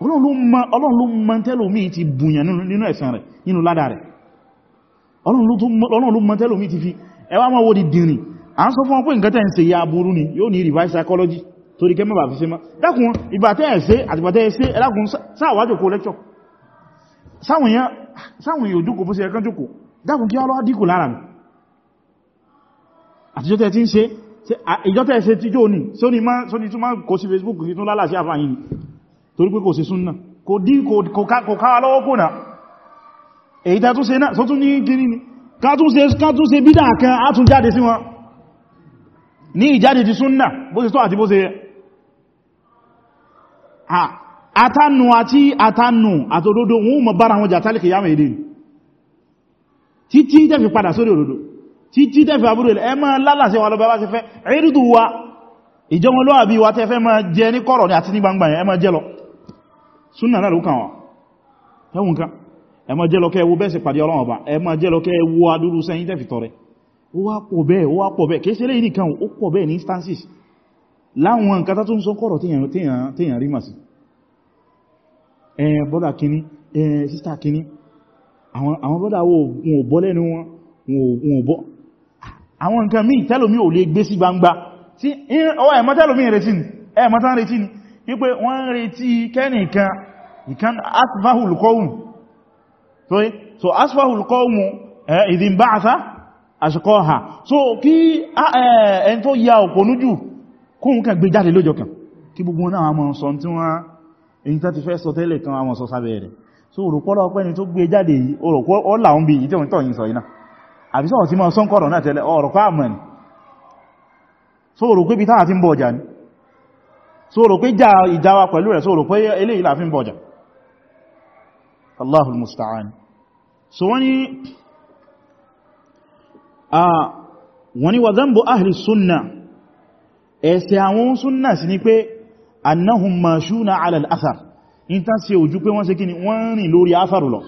ọlọ́run ló mọ́ tẹ́lòmí ti bùyàn nínú ẹ̀sàn rẹ̀ nínú ládà rẹ̀ ọlọ́run ló mọ́ tẹ́lòmí ti fi ẹwà mọ́ wo di ya burú ni yóò psychology torí kẹ́ mẹ́bà fi ṣe má dákun ìgbàtẹ́ ẹ̀ṣẹ́ àtìgbàtẹ́ ẹ̀ṣẹ́ ẹlákun sáàwájò kó lẹ́kṣọ́ sáwọn yóò jókòó bó ṣe ẹ̀kan jókòó dákun kí ọlọ́wà díkù lára mi àtijọ́ tẹ́ ti ń ṣe ìjọ́ Facebook tún lálàá sí àfáyìn torí pé kò sí súnnà kò dí kò káwà lọ́wọ́ kò náà èyí tẹ́ tún ṣe náà sọ́tún ní kiri ni kátún ṣe bídá kan á tún jáde sí wọn ní ìjáde ti súnnà bó ṣe tọ́ àti bó ṣe yẹ àtànù àti àtànù àtòdodo wọn mọ̀ bára wọn jà tálìkì yàmà èdè títí tẹ́fì padà sórí òdodo títí tẹ́fì àbúrò ilẹ̀ ẹ máa lálàsẹ̀ wà lọ bá ṣe fẹ́ ẹ̀rìdù wa ìjọ wọn lọ́wà bí wa tẹ́fẹ́ máa jẹ ní kọ̀rọ̀ ní àti ní gbangba yẹn ẹ máa súnà náà ló kàn wọ́n ẹwùn kan ẹ má jẹ́ lọ́kẹ́ ẹwú bẹ́ẹ̀ sì pàdé ọlọ́run ọba ẹ má jẹ́ lọ́kẹ́ ẹwú adúrú sẹ́yìn tẹ́fì tọrẹ ó wá pọ̀ bẹ́ẹ̀ ó pọ̀ bẹ́ẹ̀ instances láwọn nǹkan tó ń sọ kọ̀rọ̀ téèyàn rí mà sí ẹ bọ́dà kìíní ẹ sísà kìíní àwọn bọ́dà wọn ò bọ́ lẹ́nu wọn wọn ò bọ́ àwọn nǹkan míì tẹ́lòmí ò lè gbé sí gbangba tí ọwọ́ ẹ̀mọ́ tẹ́lòmí retí ẹ̀mọ́ tán retí ni wípé wọ́n retí kẹ́nìkan ìkan asfahul qawm sorry so asfahul qawm eh idin so ki eh en tó ya oponuju ko nkan gbe jáde lọ́jọ́ kan gbogbo na wa mo sọ nti wọ́n en ta ti kan mo so ro po lo pe ni to gbe jáde yìí o ro on bi yìí te wọ́n tó yin na so ti mo nkoro na tẹ́lẹ̀ o ro so ro pe bi ta wa Allahu musta'an so wani a wani wa zambu ahli sunna ẹ̀ṣẹ̀ àwọn sunna sì ni pé annahum mashuna ala al-athar in ta ṣe ojú pé wọ́n ṣe kíni wọ́n rìn lórí afaru lọ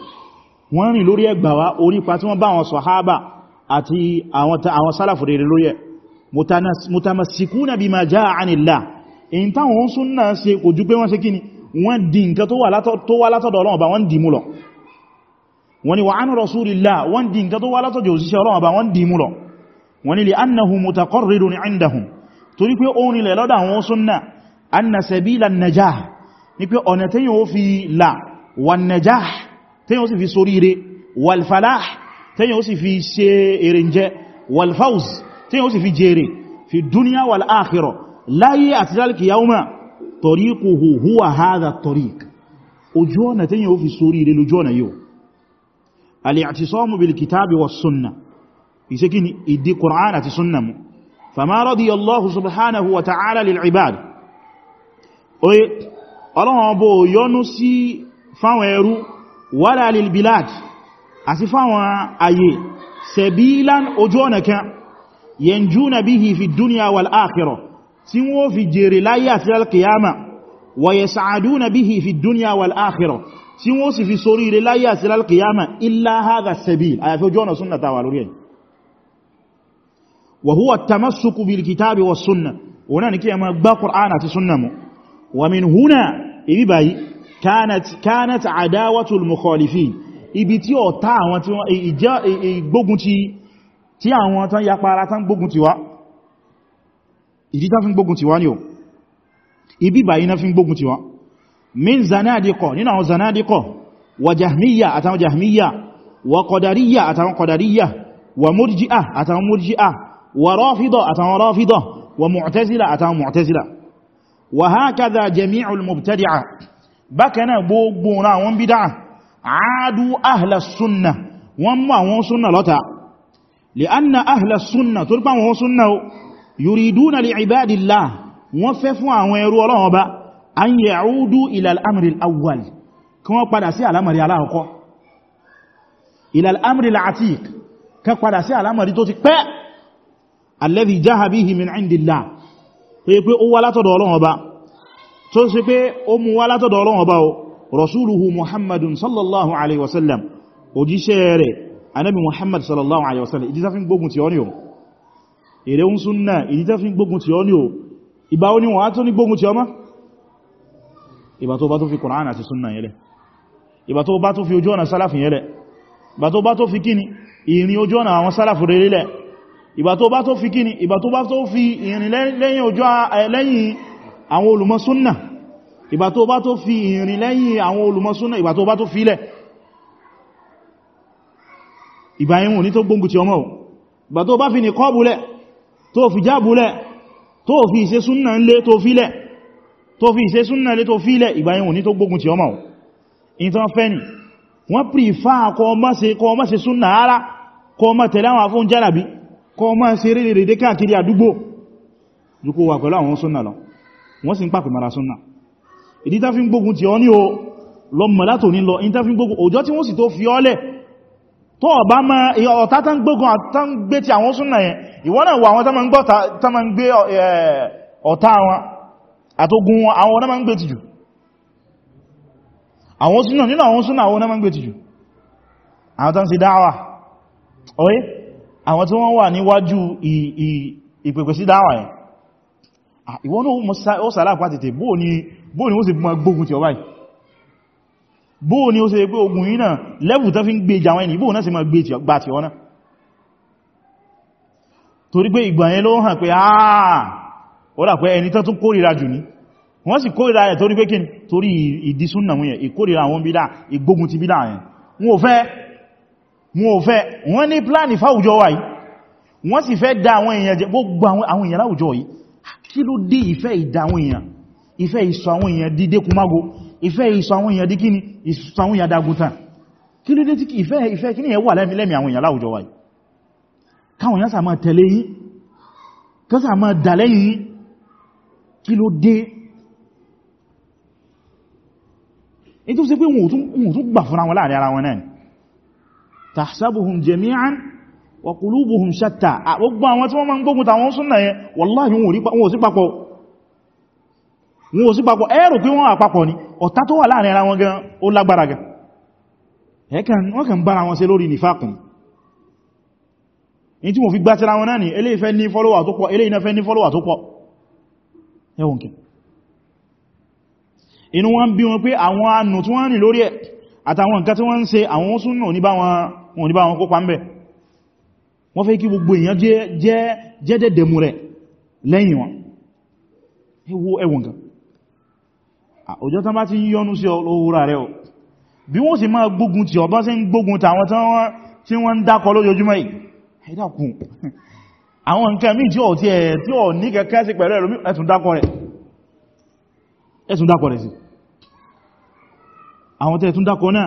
wọ́n rìn lórí egbawa orí pa tí wọ́n bá àwọn sahaba àti àwọn salafu rere lórí e mutamassikuna bima jaa anillah in ta wọ́n sunna ṣe ojú pé wọ́n ṣe kíni wọ́n di nǹkan tó wá látọ̀dọ̀ ọlọ́ọ̀bá wọ́n di múlọ̀ wọ́n ni wà án rasulillah wọ́n di nǹkan tó wá látọ̀dọ̀ òṣìṣẹ́ ọlọ́ọ̀bá wọ́n di múlọ̀ wọ́n ni lè annahu mutaqarrirun indahum torí pé ó tariquhu huwa hadha tariq ojú ọ̀nà tí yíò fi sórí ilé lójú ọ̀nà yíò al-i'tisamu bil kitabi was sunnah ìsẹ́kí ni ìdí Qur'an àti sunna mu fama radiya Allahu subhanahu wa ta'ala lil ibad oye ọlọ́wọ́n bó yọ́nú sí fáwọn ẹrú wala tí wọ́n fi jèrè láyé àti alkiyama wa yas'aduna bihi fi dunya wal akhirah tí wọ́n sì fi sórí ire láyé àti alkiyama illa hadha sabil àyàfi ojú ọ̀nà súnnà tàwà lórí ẹ̀ wa huwa tamassuku bil kitabi was sunna òun náà ni kí ẹ máa wa min ti àwọn tán yapara tán gbógun ti wá ìdítá fi gbógun tiwa ni o ibi báyìí na fi gbógun tiwa min zanadikọ nínú àwọn zanadikọ wa jahmiya àtàwọn jahmiya wa kọdariya àtàwọn kọdariya wa murji'a àtàwọn murji'a wa rafida àtàwọn rafida wa mu'tazila àtàwọn mu'tazila wa hakadha jami'ul mubtadi'a bákanáà gbogbo na àwọn bid'a yuriduna li ibadillah wọ́n fẹ́ fún àwọn ẹrú Ọlọ́run Ọba an ya'udu ila al-amri al-awwal kí wọ́n padà sí alamari aláàkọ́ ila al-amri al-atiq kan padà sí alamari tó ti pẹ́ alladhi jaha bihi min indillah tó yí pé ó wá látọ̀dọ̀ Ọlọ́run Ọba tó sì pé ó mú wá látọ̀dọ̀ ìdí sáfin gbógun ti ọ ni o èrè ń súnnà ìdí tẹ́ fi gbógun tí ọ ní o ìgbà ó ní wọ́n á tó ní gbógun tí ọ mọ́ ìgbà tó bá tó fi Kùránì àti súnnà yẹlẹ̀ ìgbà tó bá tó fi ojú ọ̀nà sálàfì yẹlẹ̀ ìgbà tó bá tó fi kíni ìrìn ojú ọ̀nà àwọn sálàfì rere lẹ̀ ìgbà tó bá tó fi kíni ìgbà tó bá tó fi ìrìn lẹ́yìn ojú lẹ́yìn àwọn olùmọ̀ súnnà ìgbà tó bá tó fi ìrìn lẹ́yìn àwọn olùmọ̀ súnnà ìgbà tó bá tó fi lẹ̀ ìgbà yẹn wọn ní tó gbógun ti tó fi jábúlẹ̀ tó fi ìṣe súnnà lé tó fílẹ̀ tó fi ìṣe súnnà lé tó fílẹ̀ ìgbàyìn òní tó gbógun ti ọmọ ò ìtàn fẹ́ni wọ́n pìfà kọ ọmọ ṣe súnnà ara kọ ọmọ tẹ̀lé àwọn afún jálàbí kọ ọmọ ṣe rèrèrè káàkiri àdúgbò lókó wà pẹ̀lú o lọ mọ̀ látò ní lọ ìdí tá fi ń tó ọ̀bá ma ọ̀tá tán gbógun àtán gbé ti àwọn súnnà yẹn ìwọ́n náà awọn àwọn tán ma ń gbọ́ tán ma ń gbé ọ̀tá wọn àwọn ọ̀nà ma ń gbé ti jù àwọn súnnà nínú àwọn súnnà àwọn ọ̀nà ma ń gbé ti jù àwọn tán sì dáwà oye àwọn tí wọ́n wà níwájú ìpèpè sí dáwà yẹn bó ní ó ṣe pé ogun yìí náà lẹ́bù tó fi ń gbé jàwọn ẹni bó náà sì máa gbà tí ọ́nà torí pé ìgbà yẹn ló hàn pé àà ọ́dà pé ẹni tó tún kórìíra jù ní wọ́n sì kórìíra ẹ̀ torí pé kí torí ìdísúnnà mú yẹn ìkórìíra àwọn bídá ìgbógun ti bídá yẹn wọn ò fẹ́ wọn ò fẹ́ wọ́n ní pláàni fáwùjọ wa wọ́n sì fẹ́ dá àwọn èèyàn jẹ gbogbo àwọn èèyàn láwùjọ yìí kí ló dé ìfẹ́ ìdá àwọn èèyàn ìfẹ́ ìsọ àwọn èèyàn dídé kúmágo ìfẹ́ ìsọ àwọn èèyàn díkí ni ìsọ àwọn èèyàn dagutan kí ló dé tí ìfẹ́ ìfẹ́ kí ní ẹwà lẹ́mìlẹ́mì àwọn èèyàn láwùjọ wáyìí káwọn èèyàn sàmà tẹ̀lé yìí kan sàmà dàlẹ́ yìí kí ló dé in tó sì pé wọn tún gbà fúnra wọn láàrin ara wọn náà wọn ò sí papọ̀ ẹ̀rù pé wọ́n àpapọ̀ ni ọ̀tá tó wà láàrin ara wọn gan ó lágbára gan wọ́n kàn bára wọn ṣe lórí nìfàkùn ní tí wọ́n fi gbá tíra wọn náà ni eléyìí fẹ́ ní fọ́lọ́wà tó pọ̀ eléyìí náà fẹ́ ní fọ́lọ́wà tó pọ̀ ẹwọ̀n kẹ inú wọn bí wọn pé àwọn anù ẹwọ̀n kan Ah, ọjọ́ tán bá ti yọ́nú sí olóhúra rẹ̀ bí wọ́n sì máa gbógun ti ọba sí ń gbógun tàwọn tí wọ́n ń dákọ lójoojúmọ́ yìí ẹ̀dàkùn àwọn nǹkan míì tí ó ti ẹ̀ tí ó ní kẹ́kẹ́ sí pẹ̀lú ẹ̀rọ ẹ̀tùn dákọ rẹ̀ sí àwọn tẹ́ tún dákọ náà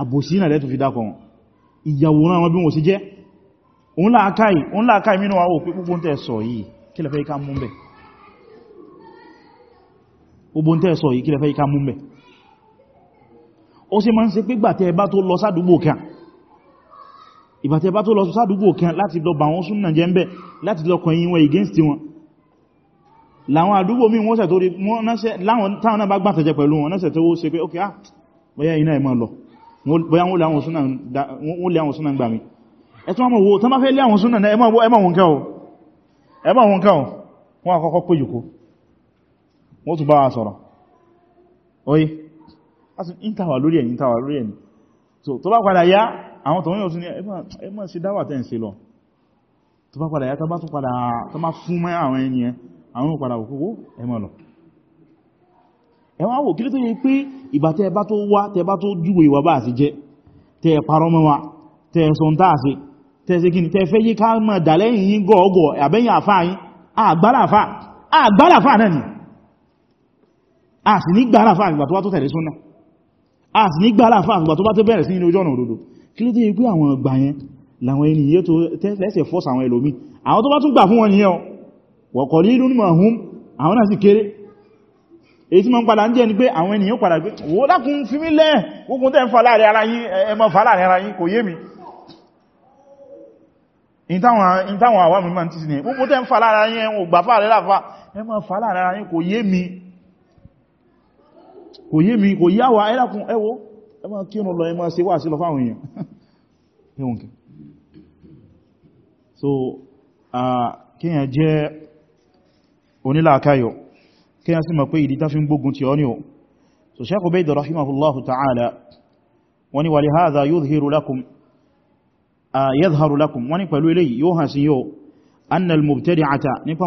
àbòsí náà lẹ́tù fi dákọ wọn ìyàwó náà wọn bí wọ́n sì jẹ́ òun láàkáì mínú àwọn òpin púpọ̀ tẹ́ gbogbo tẹ́ sọ yìí kílẹ̀ fẹ́ iká mú mẹ́ ó sì máa ń ṣe pé gbàtẹ́ bá tó lọ sádùgbò kan ìbàtẹ́ bá tó lọ sádùgbò kan láti lọ bà wọn súnnà jẹ́ ń bẹ̀ láti lọ kọ̀ yín wọn against wọn láwọn àdúgbò míì wọ́n sẹ̀ tó rí láwọn táwọn náà bá gbà tẹ̀jẹ̀ pẹ̀lú wọn náà tó ṣe pé ah, ókè gbà wọ́n tún bá wa sọ̀rọ̀ oye ìntàwà lórí ẹ̀yìn ìntàwà lórí ẹ̀yìn tó bá padà yá àwọn tọ̀wọ́n yóò tún ní ẹmọ́ sí dáwà tẹ́ ń ṣe lọ tó bá padà yá tó bá tún padà tó má fún mẹ́ àwọn ẹni ẹ àwọn ò padà òkúwó ẹmọ́ lọ ẹwọ́n wò kílé tó yẹ pé ìgbà tẹ́ bá tó wá tẹ́ bá tó júwe ìwà bá àti jẹ́ tẹ́ parọ́ mọ́ wa tẹ́ sọ ń tààsì tẹ́ sí kí ni tẹ́ fẹ́ yí ká mọ̀ dàlẹ́yìn yín gọ́ọ̀gọ̀ àbẹ́yìn àfáà yín àgbàlàfáà náà ni a sì ní gbára fún àgbà tó bá tó tẹ̀lé súnnà a sì ní gbára fún àgbà tó bá tó bẹ̀rẹ̀ sí inú ojú ọ̀nà òdodo kí ló tó yẹ pé àwọn ọgbà yẹn làwọn ẹni yẹ́ tó lẹ́sẹ̀ fọ́sà àwọn ẹlòmí àwọn tó bá tún gbà fún wọn nìyẹn wa hum àwọn náà sì kéré èyí tí ma ni pé àwọn ènìyàn padà pé wó lákùn fi mí lẹ́ gbogbo tẹ́ ń fa láàrin ara yín ẹmọ fa láàrin ara yín kò yé mi láàrin ara yé mi kò yé mi kò yáwà ẹ́lákun ẹwọ́ ẹ máa kírun lọ ẹ máa wà sí lọ fáwọn èèyàn ẹwọ̀n kẹ so kíyàn jẹ́ onílàákáyọ̀ kíyàn sí mọ̀ pé ìdí tá fi ń gbógun ti ọ́ ní o so Shaykh Ubayd rahimahullahu ta'ala wani wa lihadha yudhiru lakum yadhharu lakum wani pẹ̀lú eléyìí yóò hàn sí yóò annal mubtadi'ata nípa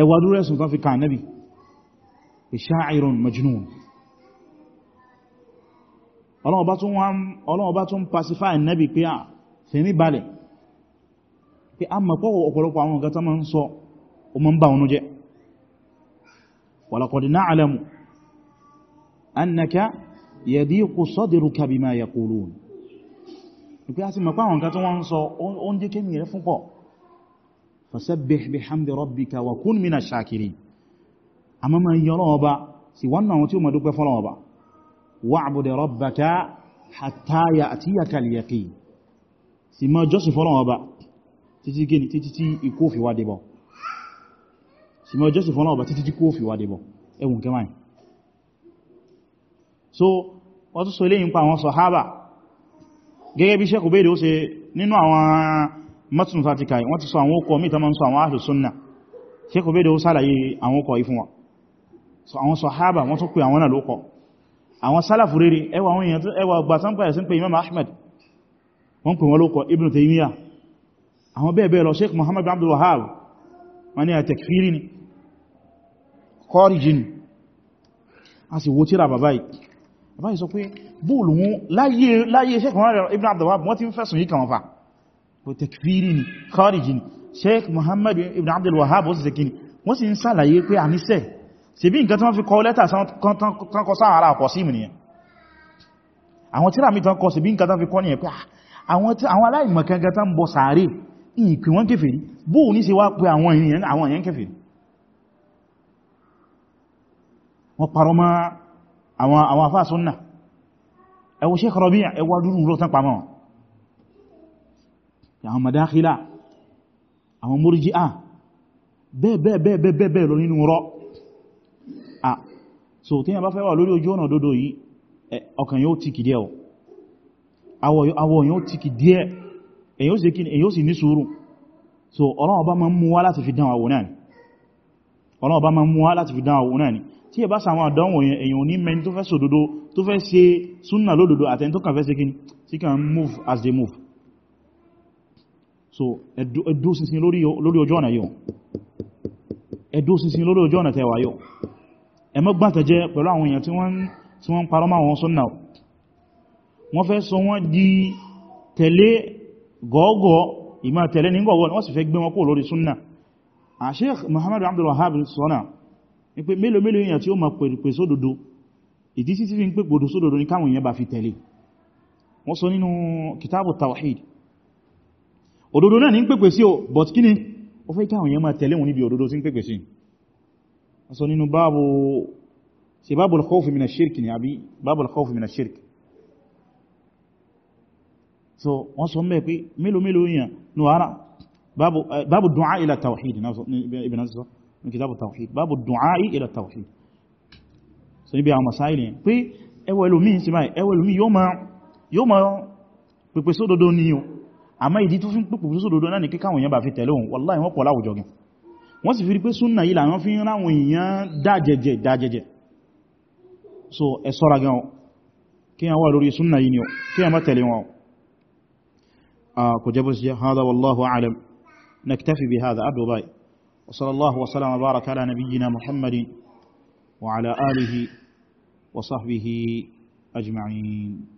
ẹwà dúró tán fi kàn nẹ́bì ìṣáàìrùn majnun ọlọ́wọ́ tún pacify pé ah, fèmí balẹ̀ pé a mọ̀ pọ̀wọ̀ ọ̀pọ̀lọpọ̀ àwọn ọ̀gá tó máa ń sọ o ń bá wọn jẹ́ walaqad na'lamu annaka yadiqu fasabbih bihamdi rabbika wa kun mina shakirin àmọ́ ma yọ lọ́wọ́ bá sí wọ́n náà tí ó ma dúpẹ́ fọ́lọ́wọ́ bá wa'bud rabbaka hatta ya'tiyaka al-yaqin sí ma jọ́sìn fọ́lọ́wọ́ bá títí gini títí tí ikú fi wá débọ̀ sí ma jọ́sìn fọ́lọ́wọ́ bá títí tí kó fi wá débọ̀ ẹwùn kẹwàá so wọ́n tún so lẹ́yìn pa àwọn sàhábà gẹ́gẹ́ bí sẹ́kù bẹ́ẹ̀dẹ̀ ó ṣe nínú àwọn mọ́tún tàbí kàí wọ́n ti sọ àwọn okọ̀ mítà mọ́ sọ àwọn ahlu sunna ṣe kò bédè ó sálàyé àwọn okọ̀ ìfún wa so àwọn sàhábà wọ́n tó pè àwọn náà lókọ̀ àwọn sálàfù rere ẹwà àwọn èèyàn tó ẹwà ọgbà Muhammad Abdul Wahhab wọ́n ni ni kọ́rìjì ni a sì wo tíra bàbá yìí bàbá yìí sọ pé bóòlù wọn láyé Sheikh tekfiri ni khariji ni sheikh muhammad ibn abdul wahhab wasu zaki ni wọ́n sì ń sàlàyé pé àníṣẹ́ ṣe bí nǹkan tí wọ́n fi kọ lẹ́tà kan kọ sáàrà àkọ́ sí ìmìnìyàn àwọn tíra mi tán kọ sí bí nǹkan tán fi kọ́ ní ẹ̀ pé ah, àwọn aláìmọ̀kẹ́gẹ́ tán bọ sàárè ìpín wọn kèfèrí bóò ní ṣe wá pé àwọn àwọn madáhílá àwọn múrjíà bẹ́ẹ̀bẹ́ẹ̀bẹ́ẹ̀bẹ́ẹ̀ lọ nínú rọ́ à so tí a bá fẹ́ wà lórí ojú ọ̀nà dodo yìí ọkàn yóò tíkì díẹ̀ o awọ yóò tíkì díẹ̀ èyí sì ní sùúrù so ọlọ́wọ́ bá ma ń mú wá láti fi dán àwò náà ni ọlọ́wọ́ bá ma ń mú wá láti fi dán àwò náà ni tí ẹ bá sàwọn àdánwò yẹn èyàn ní so ẹ̀dó sísin lórí ojú ọ̀nà yóò ẹ̀dó sísin lórí ojú ọ̀nà tẹwà yóò ẹmọ́ gbáǹtẹ̀jẹ́ pẹ̀lú àwọn èèyàn tí wọ́n ń parọ́ fẹ́ sọ wọ́n di tẹ̀lé gọ́ọ̀gọ́ ìmá tẹ̀lé ní gọ́ọ̀gọ́ wọ́n sì fẹ́ gbé wọn kó lórí súnnà Sheikh Muhammad Abdul Wahhab sọ́nà ní pé mélòó mélòó èèyàn tí ó ma pè sódodo ìdí sí ti fi ń pè kitabu tawhid òdodo náà ní ń pèpè sí o but kí ni ó fẹ́ káwọn yẹn máa tẹ̀lé wọn níbi òdodo sí ń pèpè sí sọ nínú báàbù ṣe báàbù al-khawf min ni àbí báàbù al-khawf min so wọ́n sọ mẹ́ pé mélòó mélòó yẹn nù ara eh, báàbù du'a ila tawhid ibn azza ní kitabu tawhid báàbù du'a ila tawhid so níbi àwọn masáìlì yẹn pé ẹwọ ẹlòmí sí báyìí àmá ìdí tó fi ń pípò sódòdó náà ni kí káwọn èèyàn bá fi tẹ̀lé òun wallahi wọ́n pọ̀ láwùjọ gan wọ́n sì fi rí pé súnnà yìí làwọn fi ń ráwọn èèyàn dájẹjẹ dájẹjẹ so ẹ sọ́ra gan kí wà lórí súnnà yìí ni ó kí bá tẹ̀lé wọn kò jẹ́bọ́ ajma'in